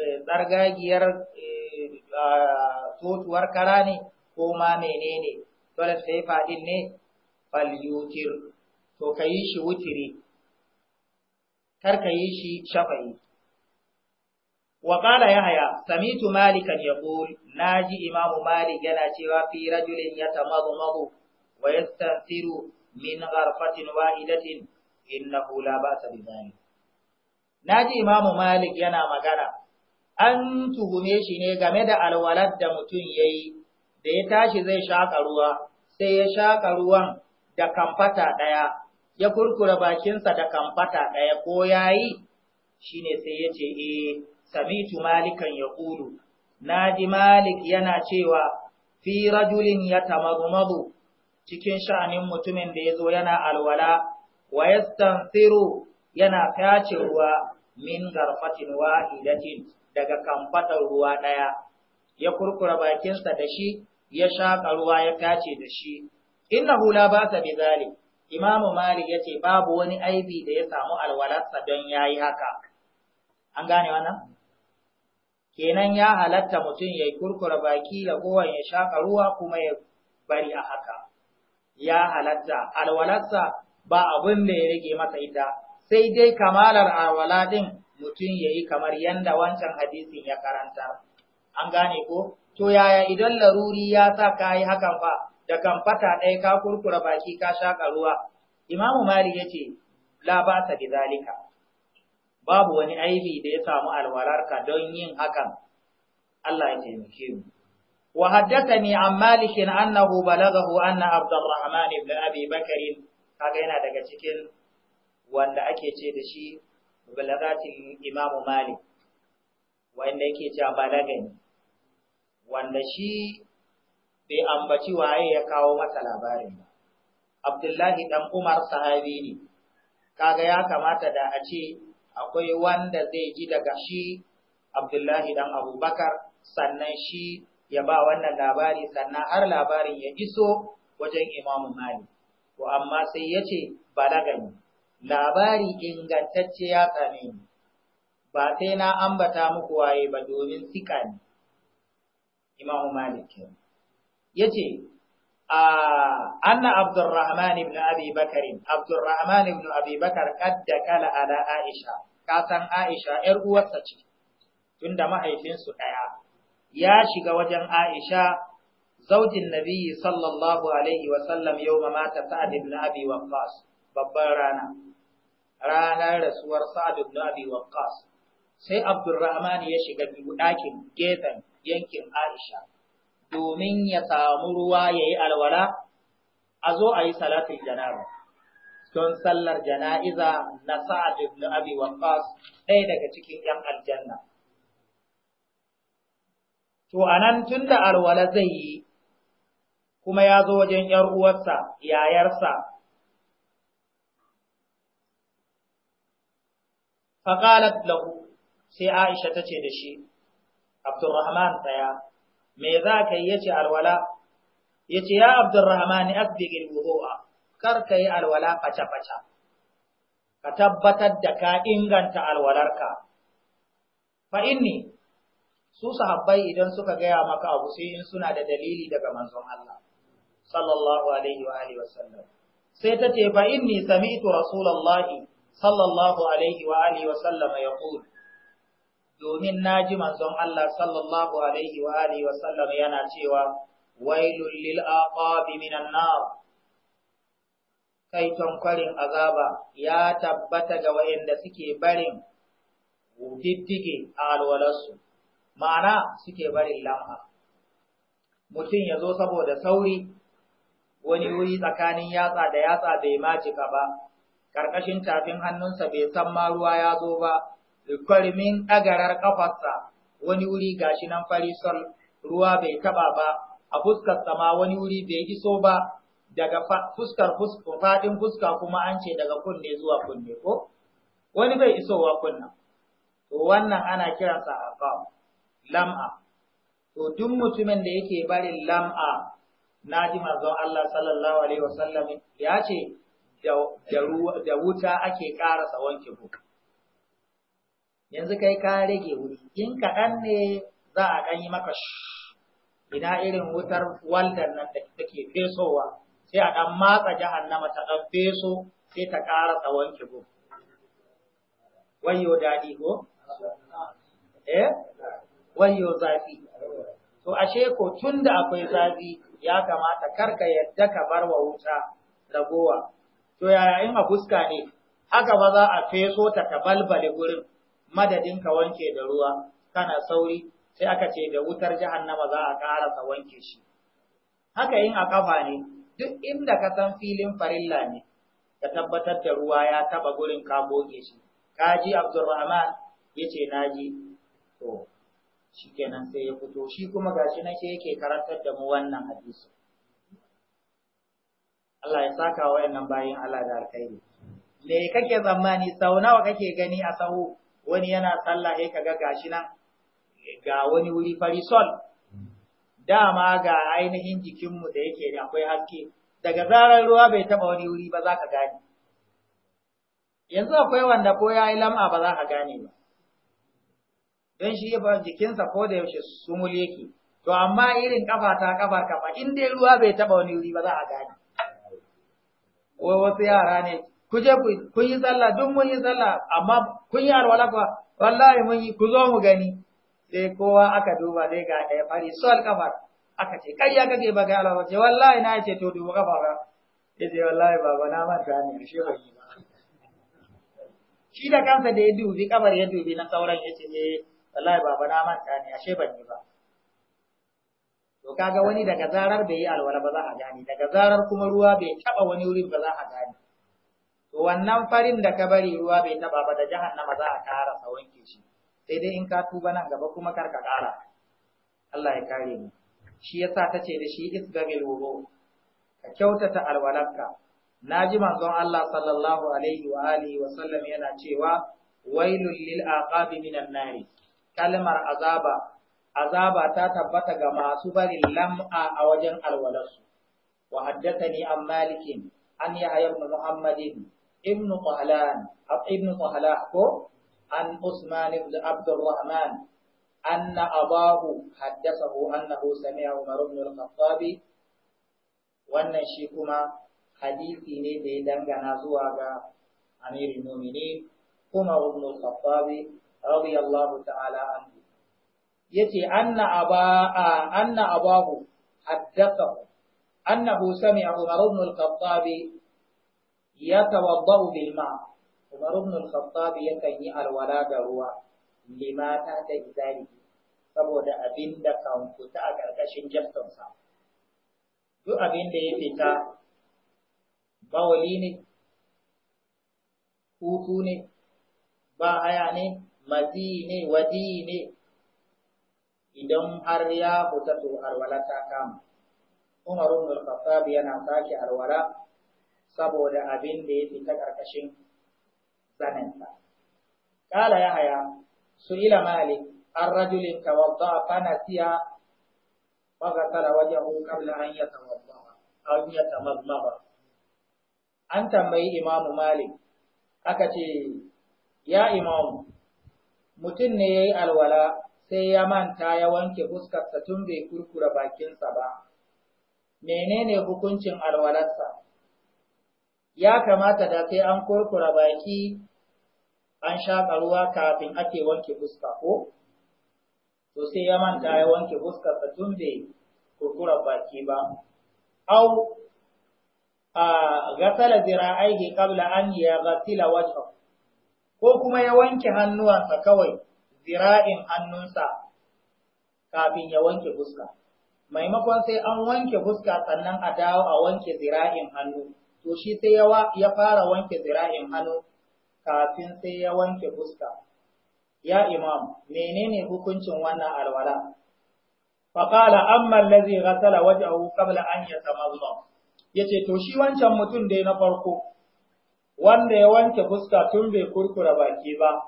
eh, tsargagiyar eh, ah, totuwar kara ne ko ma menene dole sai fadin ne falyutir to kayi shi wutiri kar kayi shi shafa'i wa qala yahya samitu malikan yaqul naji imamu malik yana cewa fi rajulin yatamadmadu wa yastanfiru min gharfatin wahidatin innahu la ba'sa bi dhalik naji imamu malik yana magana an tuhume shi ne game da alwalar da mutum yayi da ya tashi zai shaka ruwa sai ya shaka ruwan da kamfata daya ya kurkura bakinsa da kamfata ɗaya ko yayi shine sai yace eh samitu malikan yaqulu Nadi malik yana cewa fi rajulin yatamarmadu cikin sha'anin mutumin da ya zo yana alwala wa yastansiru yana fyace ruwa min garfatin wahidatin daga kamfatar ruwa ɗaya. ya kurkura bakinsa da shi ya shaƙa ruwa ya fyace da shi innahu la ba'sa bi Imamu Malik ya ce babu wani aibi da ya samu alwalarsa don ya yi haka. An gane wannan? kenan ya halatta mutum ya kurkura baki da kowa ya shaka ruwa kuma ya bari a haka ya halatta alwalarsa ba abin da ya rage masa ita sai dai kamalar alwala ɗin mutum ya yi kamar yanda wancan hadisin ya karanta an gane ko to yaya idan laruri ya sa ka yi hakan fa da kan fata ɗaya ka kurkura baki ka shaka ruwa imamu mali ya ce la ba ta bi zalika babu wani aibi da ya samu alwararka don yin hakan Allah ya taimake mu wa haddathani an malik annahu balagahu anna abdurrahman ibn abi bakr kaga yana daga cikin wanda ake ce da shi balagatin Imam malik wanda yake cewa balagani wanda shi bai ambaci waye ya kawo masa labarin ba abdullahi dan umar sahabi ne kaga ya kamata da a ce akwai wanda zai ji daga shi Abdullahi dan Abubakar sannan shi ya ba wannan labari sannan har labarin ya iso wajen Imam Malik to amma sai yace balagani labari ingantacce ya same ni ba sai na ambata muku waye ba domin sika ni Imam Malik yace a أن عبد الرحمن بن أبي بكر عبد الرحمن بن أبي بكر قد ka san Aisha ‘yar uwarsa ce, tunda mahaifinsu ɗaya, ya shiga wajen Aisha zaujin Nabiyyi sallallahu Alaihi wasallam yau mamata Sa'ad ibn Abi Waqqas babban rana, ranar rasuwar Sa'ad ibn Abi Waqqas. Sai Abdurrahman ya shiga ɗakin gefen yankin Aisha, domin ya samu ruwa ya yi alwala, a zo a yi salatul janaba. don sallar jana'iza na Sa'ad ibn Abi Waqqas ɗaya daga cikin ‘yan aljanna. To, a nan tun da alwala zai yi, kuma ya zo wajen ‘yan uwarsa, yayarsa, faƙalat lahu sai Aisha ta ce da shi, Abdurrahman tsaya, me za ka yi ya ce alwala? Ya ce, Ya Abdurrahman, asbigil wudu'a. kar ka yi alwala faca-faca, ka tabbatar da ka inganta alwalarka. Fa'inni, su sahabbai idan suka gaya maka abu sai in suna da dalili daga manzon Allah, sallallahu Alaihi wa Alaihi wasallam. Sai ta ce, fa'inni sami'tu Rasulallahi, sallallahu Alaihi wa Alaihi wasallam ya domin na ji manzon Allah sallallahu Alaihi wa Alaihi wasallam yana cewa, wailul lil aqabi minan nar kaiton kwarin azaba ya tabbata ga waɗanda suke barin diddige a alwalarsu, ma'ana suke barin lam'a. Mutum ya zo saboda sauri, wani wuri tsakanin yatsa da yatsa bai majika ba, ƙarƙashin tafin hannunsa bai san ma ruwa ya zo ba, kwarmin ɗagarar ƙafarsa wani wuri gashi nan farisar ruwa bai taɓa ba, a fuskar sama wani wuri bai iso ba, daga fuskar faɗin fuska kuma an ce daga kunne zuwa kunne ko wani bai isowa kunna to wannan ana kiransa aqam lam'a to duk mutumin da yake barin lam'a naji manzon Allah sallallahu alaihi wasallam ya ce da wuta ake karasa wanke ku yanzu kai ka rage wuri in kaɗan ne za a ɗan maka ina irin wutar waldan nan da take fesowa sai a ɗan matsa jahannama ta ɗan feso sai ta ƙara tsawon kibo. Wayo daɗi ko? Eh? Wayo zafi. To ashe ko tun da akwai zafi ya kamata karka yadda ka bar wa wuta ragowa. To yaya in a fuska ne, haka ba za a feso ta ta balbale gurin madadin ka wanke da ruwa kana sauri sai aka ce da wutar jahannama za a ƙara ƙarasa wanke shi. Haka in a ƙafa ne, duk inda ka san filin farilla ne ka tabbatar da ruwa ya taba gurin ka goge shi ka ji Abdulrahman yace naji to shikenan sai ya fito shi kuma gashi nake yake karantar da mu wannan hadisi Allah ya saka wa wayannan bayin Allah da alkhairi me kake zamani sau nawa kake gani a sahu wani yana sallah ya kaga gashi nan ga wani wuri farisol dama ga ainihin jikinmu da yake da akwai haske daga zarar ruwa bai taba wani wuri ba za ka gane yanzu akwai wanda ko ya yi lam'a ba za ka gane ba don shi ba jikinsa ko da yaushe sumul yake to amma irin kafa ta kafa kafa in dai ruwa bai taba wani wuri ba za a gane ko wasu yara ne ku je kun yi sallah duk mun yi sallah amma kun yi alwala kuwa wallahi mun yi ku zo mu gani sai kowa aka duba dai ga ɗaya fari sol kafar aka ce kai ya kake baka Allah ce wallahi na ce to dubu kafa ba ya ce wallahi baba na manta ne shi ba shi da kansa da ya dubi kabar ya dubi na sauran ya ce ne eh, wallahi baba na manta ne ashe ban yi ba to kaga wani daga zarar bai yi alwar ba za a gane daga zarar kuma ruwa bai taba wani wurin ba za a gane to wannan farin da ka bari ruwa bai taba ba da jahannama za a ƙara sa wanke shi sai dai in ka tuba nan gaba kuma kar ka ƙara Allah ya kare mu shi yasa ta ce da shi isbagil wudu ka kyautata Na naji manzon Allah sallallahu alaihi wa alihi wa sallam yana cewa wailul lil aqabi minan nari kalmar azaba azaba ta tabbata ga masu barin lam'a a wajen alwalarsu wa haddathani an malikin an yahya ibn muhammadin ibn qahlan ibn qahla ko عن عثمان بن عبد الرحمن أن أباه حدثه أنه سمع عمر بن الخطاب wannan shi kuma hadisi ne da ya dangana zuwa ga Amir Mumini kuma Ibn Khattab radiyallahu ta'ala anhu yace anna aba anna abahu haddathahu annahu sami'a Umar ibn al-Khattab yatawaddau bil ma' Umar ibn al-Khattab yakan yi alwala da ruwa lima ta da izali saboda abin da kan fita a ƙarƙashin sa. Duk abin da ya fita bawali ne, hutu ne, ba haya ne, mazi ne, wadi ne, idan har ya fita to alwala ta kama. Umar ibn al-Khattab yana sake alwala saboda abin da ya fita ƙarƙashin saninsa. Kala ya haya, su ila mali, an rajulin tawadda fanasiya magasara wajahu kabla an ya an ya tamazmaba. An tambayi imamu malik, aka ce, ya imamu, mutum ne ya yi alwala sai ya manta ya wanke fuskarsa tun bai kurkura bakinsa ba, menene hukuncin alwalarsa? Ya kamata da sai an kurkura baki an shaƙa ruwa kafin ake wanke fuska ko? To sai ya manta ya wanke fuska tun bai kurkura baki ba. Au, a gasala zira'aihi kabla an ya gasila wajen, ko kuma ya wanke hannuwansa kawai zira'in hannunsa kafin ya wanke fuska. Maimakon sai an wanke fuska sannan a dawo a wanke zira'in hannu, to shi sai ya fara wanke zira'in hannu kafin sai ya wanke fuska. Ya imam, menene hukuncin wannan alwala? Faƙala amma allazi ghasala wajhahu qabla an yatamazza. Yace to shi wancan mutum dai na farko wanda ya wanke fuska tun bai kurkura baki ba.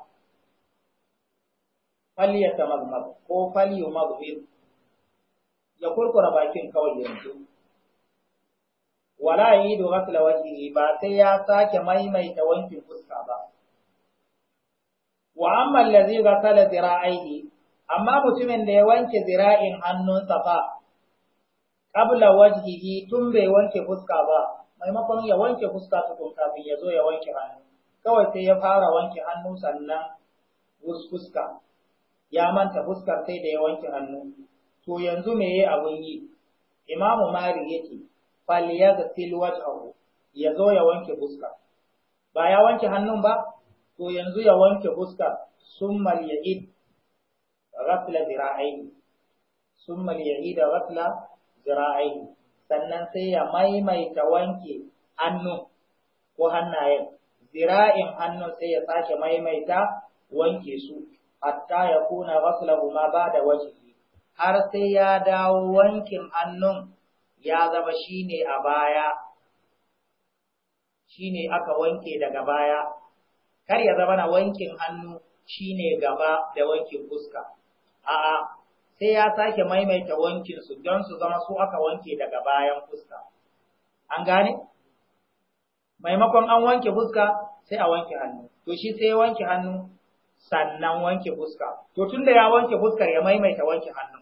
Fal yatamazza ko fal yumazza. Ya kurkura bakin kawai yanzu. wala yi do ghasla wajhihi ba sai ya sake maimaita wankin fuska ba wa amma allazi sala zira'ihi amma mutumin da ya wanke zira'in hannunsa Kabla qabla wajhihi tun bai wanke fuska ba maimakon ya wanke fuska tukun kafin ya zo ya wanke hannu kawai sai ya fara wanke hannu sannan fuska ya manta fuskar sai da ya wanke hannu to yanzu me yayi abun yi imamu mari yake falyaghsil wajhahu ya zo ya wanke fuska ba ya wanke hannun ba to yanzu ya wanke fuska Sun yaid ghasla dira'aini summa yaid ghasla sannan sai ya maimaita wanke hannun ko hannayen zira'in hannun sai ya sake maimaita wanke su hatta ya kuna ghaslahu ma bada wajibi har sai ya dawo wankin hannun ya zama shi ne a baya shi ne aka wanke daga baya kar ya zama na wankin hannu shi ne gaba da wankin fuska a'a sai ya sake maimaita wankin su don su zama su aka wanke daga bayan fuska an gane maimakon an wanke fuska sai a wanke hannu to shi sai ya wanke hannu sannan wanke fuska to tunda ya wanke fuskar ya maimaita wanke hannu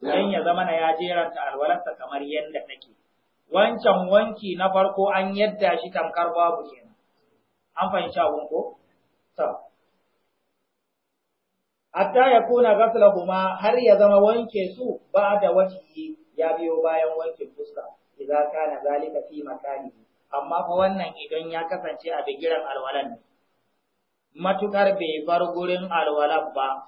don ya zama na ya jeranta alwalarsa kamar yadda take wancan wanki na farko an yadda shi tamkar babu kenan an fahimci abun ko to hatta ya kuna kuma, har ya zama wanke su ba da wajiyi ya biyo bayan wanke fuska ka na zalika fi makani. amma fa wannan idan ya kasance a bigiran alwalan ne matukar bai bar gurin alwalan ba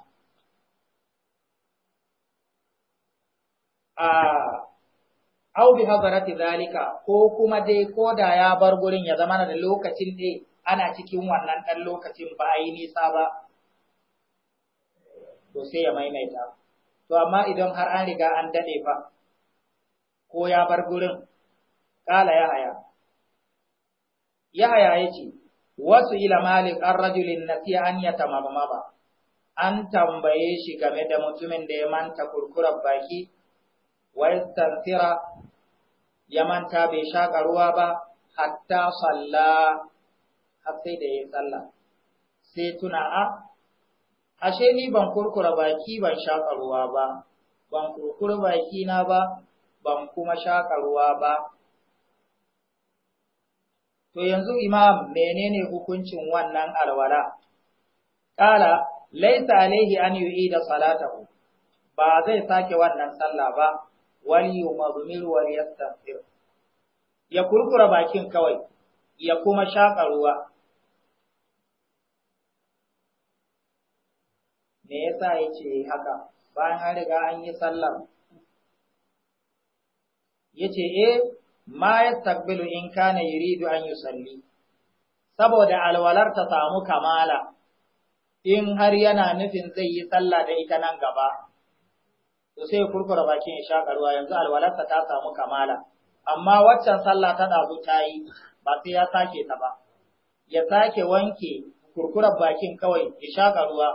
au bi hadarati zalika ko kuma dai ko da ya bar gurin ya zama da lokacin dai ana cikin wannan dan lokacin ba a yi nisa ba to sai ya maimaita to amma idan har an riga an dade fa ko ya bar gurin kala ya haya ya haya yace wasu ila malik an rajulin nasiya an yatamamma ba an tambaye shi game da mutumin da ya manta kurkurar baki wayastansira ya manta bai shaƙa ruwa ba hatta salla har da ya salla sai tuna ashe ni ban kurkura baki ban shaƙa ruwa ba ban kurkura baki na ba ban kuma shaƙa ruwa ba to yanzu imam menene hukuncin wannan alwala ƙala laisa alaihi an yu'ida salatahu ba zai sake wannan sallah ba wali yumazmir wal ya kurkura bakin kawai ya kuma shaƙa ruwa me yasa yace haka bayan an riga an yi sallah yace eh ma yastaqbilu in kana yuridu an yusalli saboda alwalar ta samu kamala in har yana nufin zai yi sallah da ita nan gaba to sai ya kurkura bakin ya shaƙa ruwa yanzu alwalarsa ta samu kamala amma waccan sallah ta ɗazu ta yi ba sai ya sake ta ba ya sake wanke kurkurar bakin kawai ya shaƙa ruwa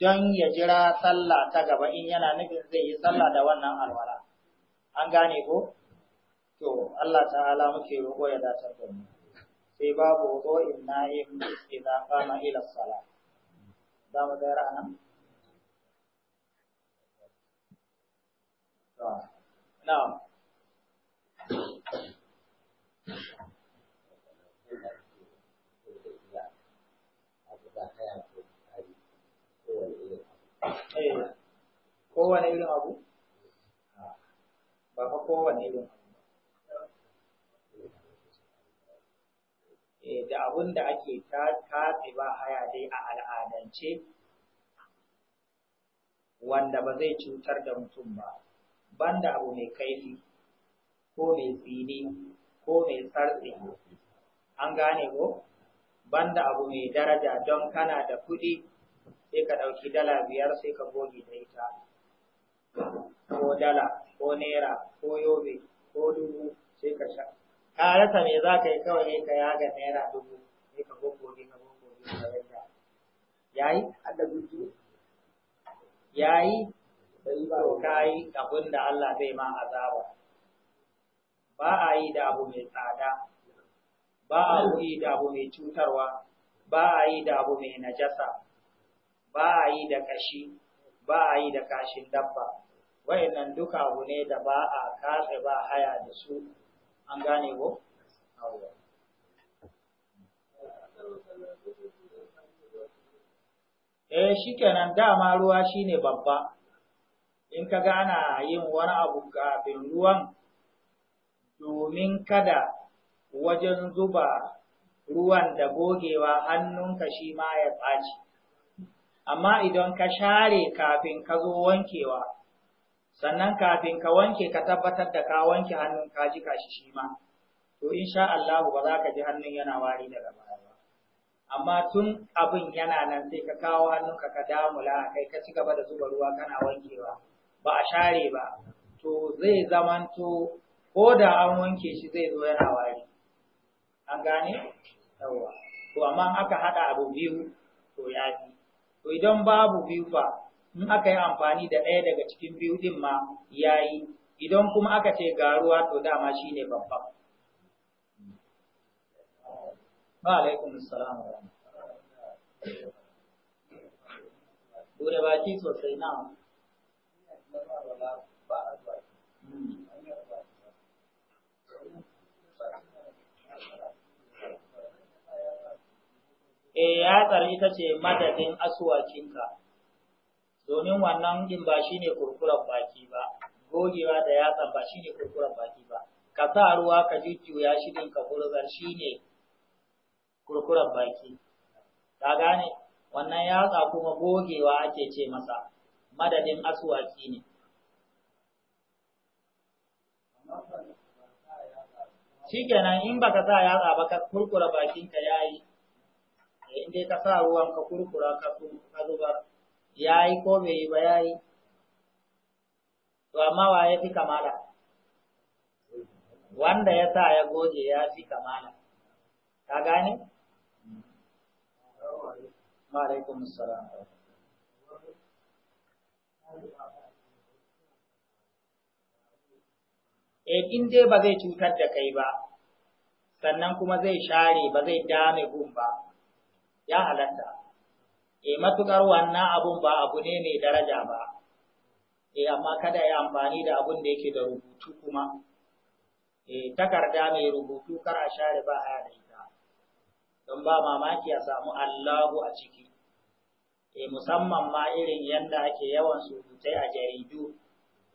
don ya jira sallah ta gaba in yana nufin zai yi sallah da wannan alwala an gane ko to Allah ta'ala muke roƙo ya dace da mu sai babu inna yin idza fama ila Sala. za mu ga ra'ana Na'am. Kowane irin abu? Ba fa kowane irin abu. Eh, da abun da ake katse ba haya dai a al'adance wanda ba zai cutar da mutum ba banda abu mai kaifi ko mai tsini ko mai sartsi an gane ko banda abu mai daraja don kana da kuɗi sai ka ɗauki dala biyar sai ka goge da ita ko dala ko naira ko yobe ko dubu sai ka sha ka rasa me za ka yi kawai ne ka yaga naira dubu sai ka goge ka goge ka yayi yayi to kayi abin da Allah zai ma azaba ba a yi da abu mai tsada ba a yi da abu mai cutarwa ba a yi da abu mai najasa ba a yi da kashi ba a yi da kashin dabba wayannan duka abu ne da ba a katse ba haya da su an gane ko eh shikenan dama ruwa shine babba in ka gana yin wani abu kafin ruwan domin kada wajen zuba ruwan da gogewa hannunka shi ma ya ɓaci. Amma idan ka share kafin ka zo wankewa, sannan kafin ka wanke ka tabbatar da ka wanke hannun ka ji kashi shi ma, to sha Allah ba za ka ji hannun yana wari daga baya ba. Amma tun abin yana nan sai ka kawo hannunka ka damula kai ka ci gaba da zuba ruwa kana wankewa. ba a share ba to zai zamanto ko da an wanke shi zai zo yana wari an gane yawa to amma aka hada abu biyu to ya fi to idan babu biyu fa in aka yi amfani da ɗaya daga cikin biyu din ma ya yi idan kuma aka ce garuwa to dama shine ne babban wa alaikum salam wa baki sosai na E, eh, yatsar ita ce madadin asuwakinka, domin wannan in ba shi ne kurkuren baki ba, gogewa da yatsar ba shi ne kurkuren baki ba, ka sa ruwa ka ya shi ɗin ka shi ne kurkuren baki. ta gane, wannan yatsa kuma gogewa ake ce masa. madadin asuwaki ne. Shi kenan in baka sa yatsa ba ka kurkura bakinka ya yi, eh, in dai ka sa ruwan ka kurkura ka zubar, ya yi ko bai yi ba ya yi, to amma wa ya fi kamala, wanda ya sa ya goje ya fi kamala, ka gane? Ma'alaikun salam. Eh, in dai ba zai cutar da kai ba, sannan kuma zai share ba zai dame gun ba, ya halatta. E matuƙar wannan abun ba abu ne mai daraja ba, e amma kada ya amfani da abun da yake da rubutu kuma, e takarda mai rubutu kar a share ba a da ita, don ba mamaki a samu Allahu a ciki. eh musamman ma irin yadda ake yawan surutai a jaridu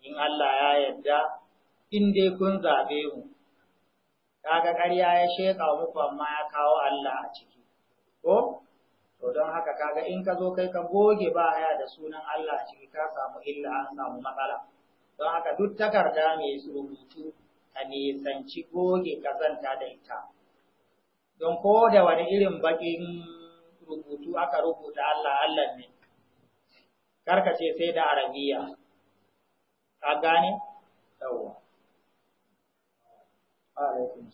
in Allah ya yarda in dai kun zabe mu kaga ƙarya ya sheka muku amma ya kawo Allah a ciki ko to don haka kaga in ka zo kai ka goge ba haya da sunan Allah a ciki ka samu illa an samu matsala don haka duk takarda mai surutu ka nisanci goge kazanta da ita don ko da wani irin baƙin rubutu aka rubuta Allah Allah ne karka ce sai da arabiya ka gane yawa alaikum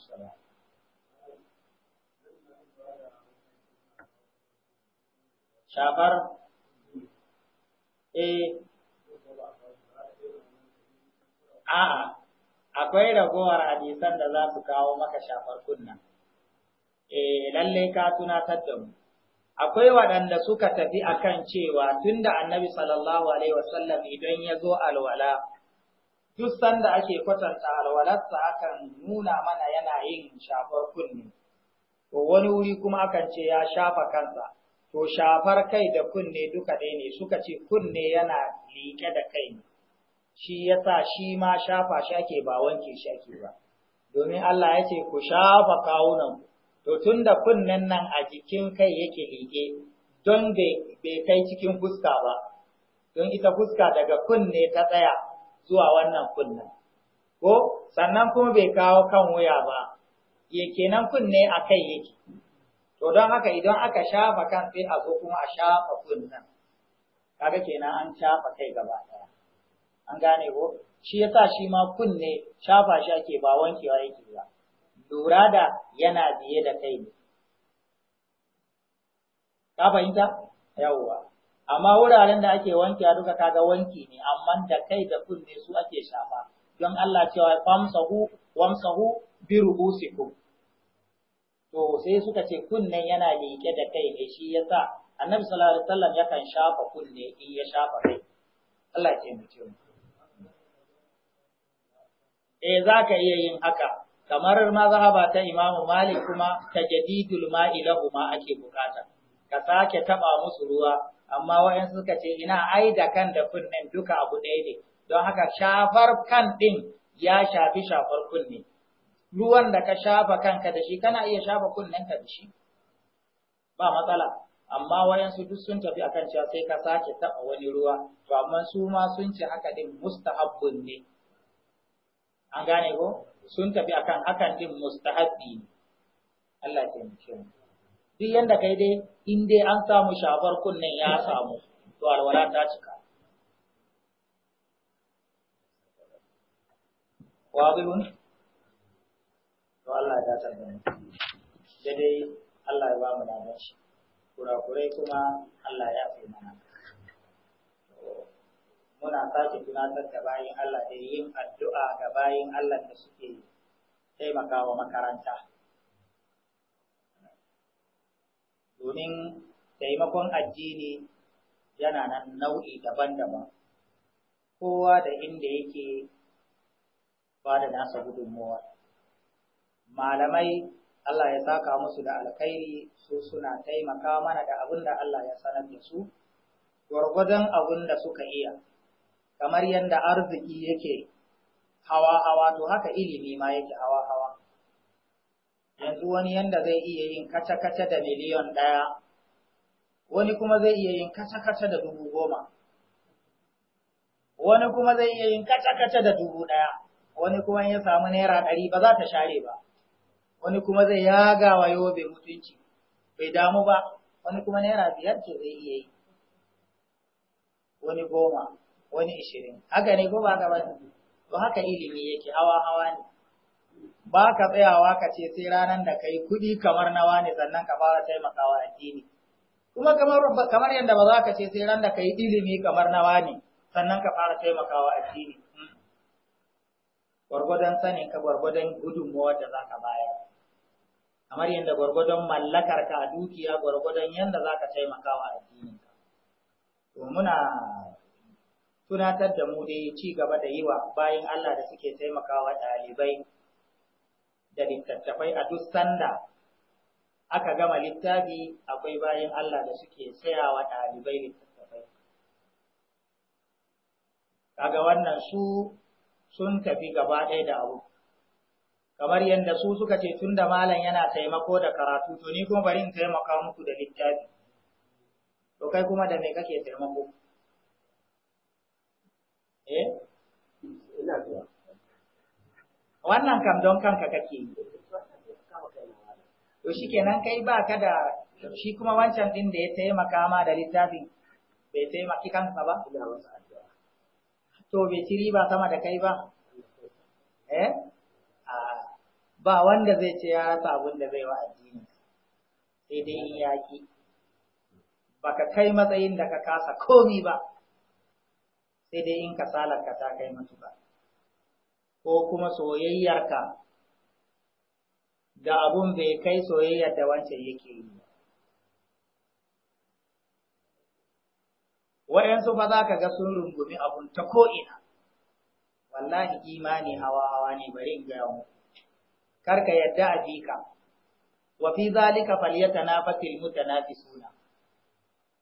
shafar eh a'a akwai ragowar hadisan da za su kawo maka shafar kunna E, lallai ka tunatar da mu akwai waɗanda suka tafi a kan cewa tun da annabi sallallahu alaihi wasallam idan ya zo alwala duk sanda ake kwatanta alwalarsa akan nuna mana yana yin shafar kunne to wani wuri kuma akan ce ya shafa kansa to shafar kai da kunne duka ɗaya ne suka ce kunne yana liƙe da kai ne. shi ya sa shi ma shafa shi ake ba wanke shi ake ba domin Allah ya ce ku shafa kawunanku to tun da kunnen nan a jikin kai yake rike don bai kai cikin fuska ba don ita fuska daga kunne ta tsaya zuwa wannan kunnen ko sannan kuma bai kawo kan wuya ba kenan kunne a kai yake to don haka idan aka shafa kan sai a zo kuma a shafa kunnen kaga kenan an shafa kai gaba daya an gane ko shi yasa shi ma kunne shafa shi ake ba wankewa yake ba lura da yana biye da kai ne. Ka fahimta? Yawwa. Amma wuraren da ake wanki a duka kaga wanki ne, amma da kai da kunne su ake shafa. Don Allah cewa famsahu wamsahu bi ru'usikum. To sai suka ce kunnen yana liƙe da kai ne shi yasa Annabi sallallahu alaihi wasallam yakan shafa kunne in ya shafa kai. Allah ya taimake mu. Eh za ka iya yin haka kamar mazhaba ta Imam Malik kuma tajadidul ma'i lahuma ake bukata ka sake taba musu ruwa amma wayan suka ce ina ai da kan da kunnen duka abu ɗaya ne don haka shafar kan din ya shafi shafar kunne ruwan da ka shafa kanka da shi kana iya shafa kunnenka da shi ba matsala amma wayansu duk sun tafi akan cewa sai ka sake taɓa wani ruwa to amma su ma sun ce haka din mustahabbun ne an gane ko sun tafi akan hakan din mustahabbi ne Allah ya taimake mu duk yanda kai dai in dai an samu shafar kunnen ya samu to alwala ta cika wadihun to Allah ya dace da mu dai Allah ya ba mu ladan shi kurakurai kuma Allah ya fi mana muna sake tunatar da bayin Allah da yin addu'a ga bayin Allah da suke taimakawa makaranta. Domin taimakon addini yana nan nau'i daban-daban, kowa da inda yake ba da nasa gudunmuwa. Malamai Allah ya saka musu da alkhairi su suna taimaka mana da abin da Allah ya sanar da su, gwargwadon abin da suka iya. kamar yadda arziki yake hawa-hawa to haka ilimi ma yake hawa-hawa yanzu wani yanda zai iya yin kace-kace da miliyon ɗaya wani kuma zai iya yin kace-kace da dubu goma wani kuma zai iya yin kace-kace da dubu ɗaya wani kuma ya samu naira ɗari ba za ta share ba wani kuma zai yaga wa yobe mutunci bai damu ba wani kuma naira biyar ce zai iya yi wani goma wani ishirin haka ne ko ba ka ba to haka ilimi yake hawa hawa ne ba ka tsayawa ka ce sai ranar da kai kuɗi kamar nawa ne sannan ka fara taimakawa addini kuma kamar kamar yadda ba za ka ce sai ranar da kai ilimi kamar nawa ne sannan ka fara taimakawa addini hmm. gwargwadon sanin ka gwargwadon gudunmuwar da za ka bayar kamar yadda gwargwadon mallakar ka a dukiya gwargwadon yadda za ka taimakawa addini to muna tunatar da mu dai ci gaba da yi wa bayan Allah da suke taimakawa ɗalibai da littattafai a duk sanda aka gama littafi akwai bayan Allah da suke sayawa ɗalibai littattafai. Kaga wannan su sun tafi gaba ɗaya da abu. Kamar yadda su suka ce tun da malam yana taimako da karatu to ni kuma bari in taimaka muku da littafi. To kai kuma da me kake taimako? Eh? Wannan kam don kanka kake yi. To shi kenan kai ba ka da shi kuma wancan ɗin da ya taimaka ma da littafin bai taimaki kansa ba? To bai ci riba sama da kai ba? Eh? Ba wanda zai ce ya rasa abin da zai wa addini sai dai in yaƙi. Baka kai matsayin da ka kasa komi ba. sai dai in kasalarka ta kai matuka ko kuma soyayyarka da abun bai kai soyayyar da wancan yake yi ba. Wa'yansu fa za ka ga sun rungumi abun ta ko'ina, wallahi imani hawa-hawa ne bari in gaya mu, karka yadda a jika ka, wa fi zalika falyata na fasil mutana fi suna.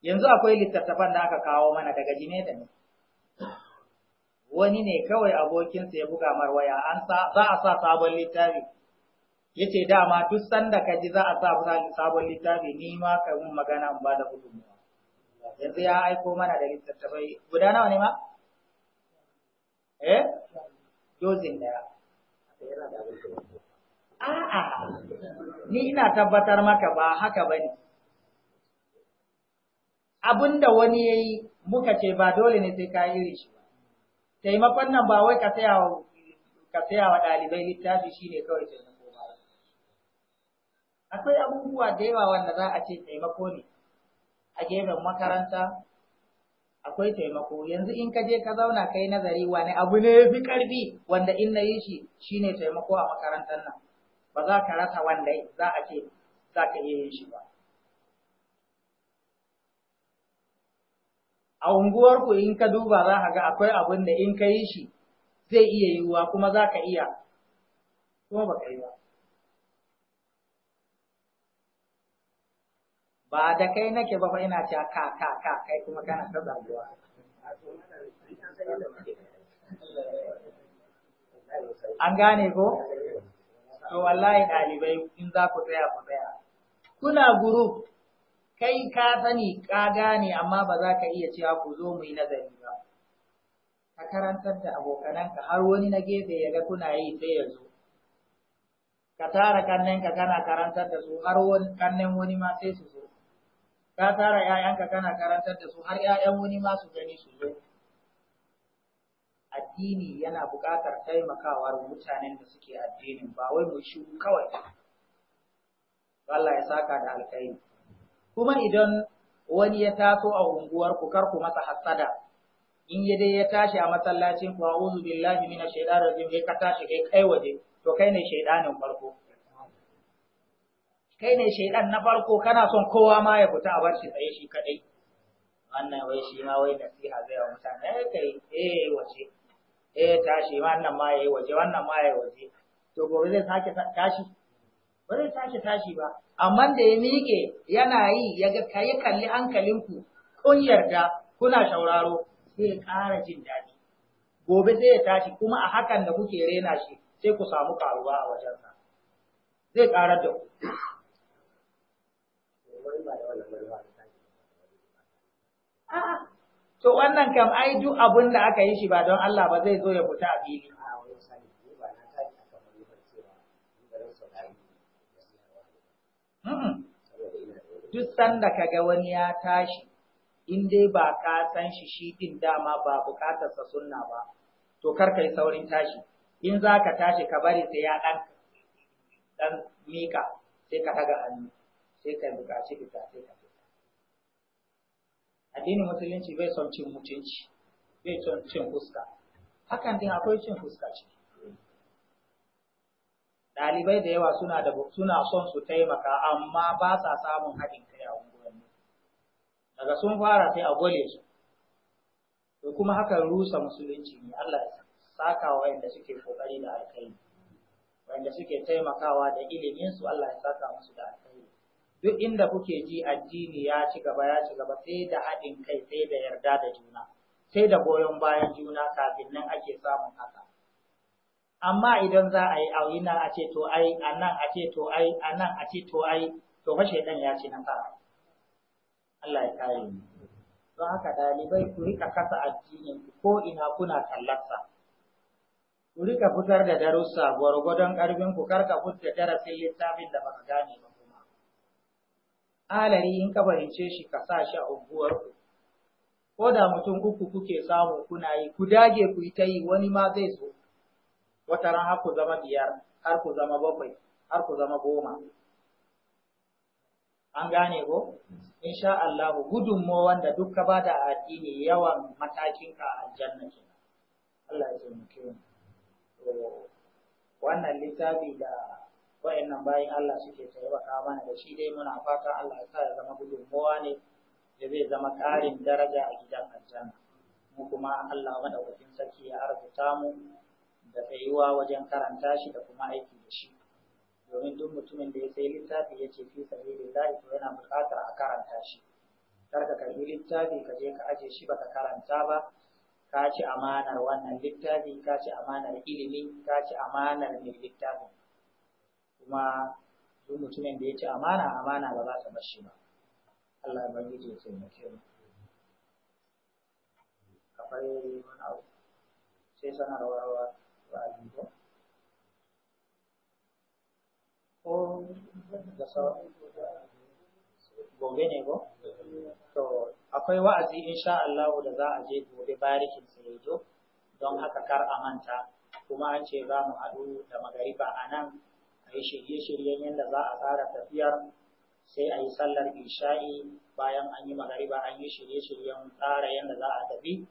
Yanzu akwai littattafan da aka kawo mana daga jine da ne. wani ne kawai abokinsa ya buga mar waya an sa za a sa sabon littafi yace dama duk sanda ka ji za a sa sabon littafi ni ma ka mun magana in ba da gudunmuwa yanzu ya aiko mana da littattafai guda nawa ne ma eh dozin daya a'a ni ina tabbatar maka ba haka bane abinda wani yayi muka ce ba dole ne sai ka yi shi ba taimakon nan ba wai ka taya ɗalibai littafi shine kawai taimako ba akwai abubuwa da yawa wanda za a ce taimako ne a gefen makaranta akwai taimako yanzu in ka je ka zauna kai nazari wani abu ne ya fi ƙarfi wanda in na yi shi shine taimako a makarantar nan ba za ka rasa wanda za a ce za ka iya yin shi ba a unguwarku in ka duba za ka ga akwai abin da in ka yi shi zai iya yiwuwa kuma za ka iya kuma ba ka yi ba ba da kai nake ba fa ina cewa ah, ka ka ka kai kuma kana ta zaguwa an gane ko to wallahi ɗalibai, in za ku tsaya ku tsaya kuna group kai ka sani ka gane amma ba za ka iya cewa ku zo mu yi nazari ba ka karantar da abokananka har wani na gefe ya ga kuna yi sai ya zo ka tara kannenka kana karantar da su har wani kannen wani ma sai su zo ka tara ƴaƴanka kana karantar da su har ƴaƴan wani ma su gani su zo addini yana buƙatar taimakawar mutanen da suke addinin ba wai mu shi kawai Allah ya saka da alƙairi kuma idan wani ya taso a unguwar ku karku masa hassada in ya dai ya tashi a masallacin ku a'udhu billahi minash shaitanir rajim kai ka tashi kai kai waje to kai ne shaitanin farko kai ne shaidan na farko kana son kowa ma ya fita a bar shi tsaye shi kadai wannan wai shi ma wai nasiha zai wa mutane eh kai eh waje eh tashi wannan ma yayi waje wannan ma yayi waje to gobe zai sake tashi ba zai sake tashi ba amma da ya miƙe yana yi ya ga kayi kalli hankalinku kun yarda kuna shauraro sai ya ƙara jin daɗi gobe sai ya tashi kuma a hakan da kuke rena shi sai ku samu karuwa a wajensa zai ƙarar da ku to wannan kam ai duk abin da aka yi shi ba don Allah ba zai zo ya fita a fili Duk sanda ka ga wani ya tashi, in dai ba ka san shi shi ɗin dama ba sa sunna ba, to kar ka yi saurin tashi. In za ka tashi ka bari sai ya ɗan dan miƙa, sai ka daga hannu, sai ka bukaci fita, sai ka fita. Addinin Musulunci bai son cin mutunci, bai son cin fuska. Hakan din akwai cin fuska ciki. Dalibai da yawa suna da suna son su taimaka amma ba sa samun haɗin kai a unguwanni daga sun fara sai a gole su to kuma hakan rusa musulunci ne Allah ya saka inda suke kokari da alkhairi wanda suke taimakawa da ilimin su Allah ya saka musu da alkhairi duk inda kuke ji addini ya ci gaba ya ci gaba sai da haɗin kai sai da yarda da juna sai da goyon bayan juna kafin nan ake samun haka amma idan za a yi yi nan a ce to ai a nan a ce to ai a nan a ce to ai to fashe ɗan ya ce ba Allah ya kare mu don haka dalibai ku rika kasa addinin ku ko ina kuna kallarsa ku rika fitar da darussa gwargwadon karfin ku kar karka fitar darasin littafin da baka gane ba kuma alari in ka barince shi ka sa shi a unguwar ku ko da mutum uku kuke samu kuna yi ku dage ku yi ta yi wani ma zai zo wata ran har ku zama biyar har ku zama bakwai har ku zama goma an gane ko insha Allah gudunmo wanda duk ka bada addini yawan matakin ka aljanna ke. Allah ya taimake mu wannan littafi da wayannan bayin Allah suke taimaka mana da shi dai muna fata Allah ya sa ya zama gudunmowa ne da zai zama ƙarin daraja a gidan aljanna mu kuma Allah madaukakin sarki ya arzuta mu da tsayuwa wajen karanta shi da kuma aiki da shi domin duk mutumin da ya sai littafi ya ce fi sabilillahi to yana buƙatar a karanta shi kar ka karbi littafi ka je ka aje shi baka karanta ba ka ci amanar wannan littafi ka ci amanar ilimi ka ci amanar mai littafin kuma duk mutumin da ya ci amana amana ba za ta bar shi ba Allah ya bangiji ya taimake mu akwai wani abu sai sanarwa ko da gobe ne to akwai wa'azi insha Allah da za a je gobe barikin Sirejo don haka kar a manta kuma an ce za mu haɗu da magariba a nan a yi shirye-shiryen yadda za a tsara tafiyar sai a yi sallar isha'i bayan an yi magariba an yi shirye-shiryen tsara yadda za a tafi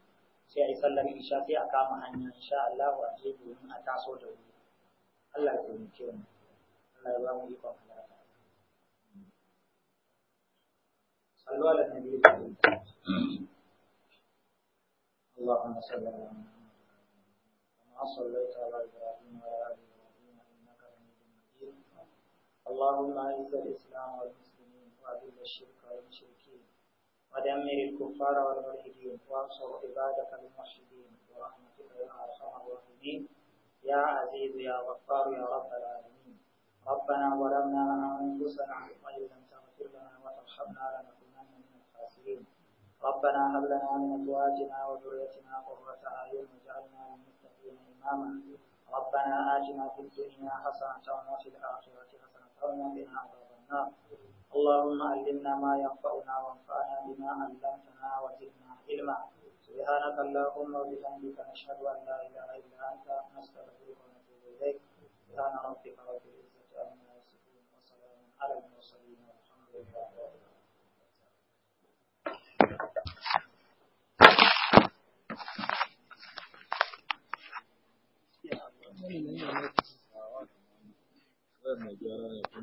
sai a yi sallar isha sai a kama hanya insha Allah a je domin a taso da wuri Allah ya taimake mu Allah ya ba mu ikon halarta sallu ala nabi اللهم صل على محمد كما صليت على ابراهيم وعلى ال ابراهيم انك حميد مجيد اللهم اعز الاسلام والمسلمين واذل الشرك والمشركين ودمر الكفار والملحدين وانصر عبادك الموحدين برحمتك يا ارحم الراحمين يا عزيز يا غفار يا رب العالمين ربنا ظلمنا انفسنا وان لم تغفر لنا وترحمنا لنكونن من الخاسرين ربنا هب لنا من ازواجنا وذريتنا قرة اعين واجعلنا للمتقين اماما ربنا اتنا في الدنيا حسنه وفي الاخره حسنه وقنا عذاب النار اللهم علمنا ما ينفعنا وانفعنا بما علمتنا وزدنا علما سبحانك اللهم وبحمدك نشهد ان لا اله الا انت نستغفرك ونتوب اليك سبحان ربك رب العزه عما يصفون وسلام على المرسلين والحمد لله رب العالمين Yeah.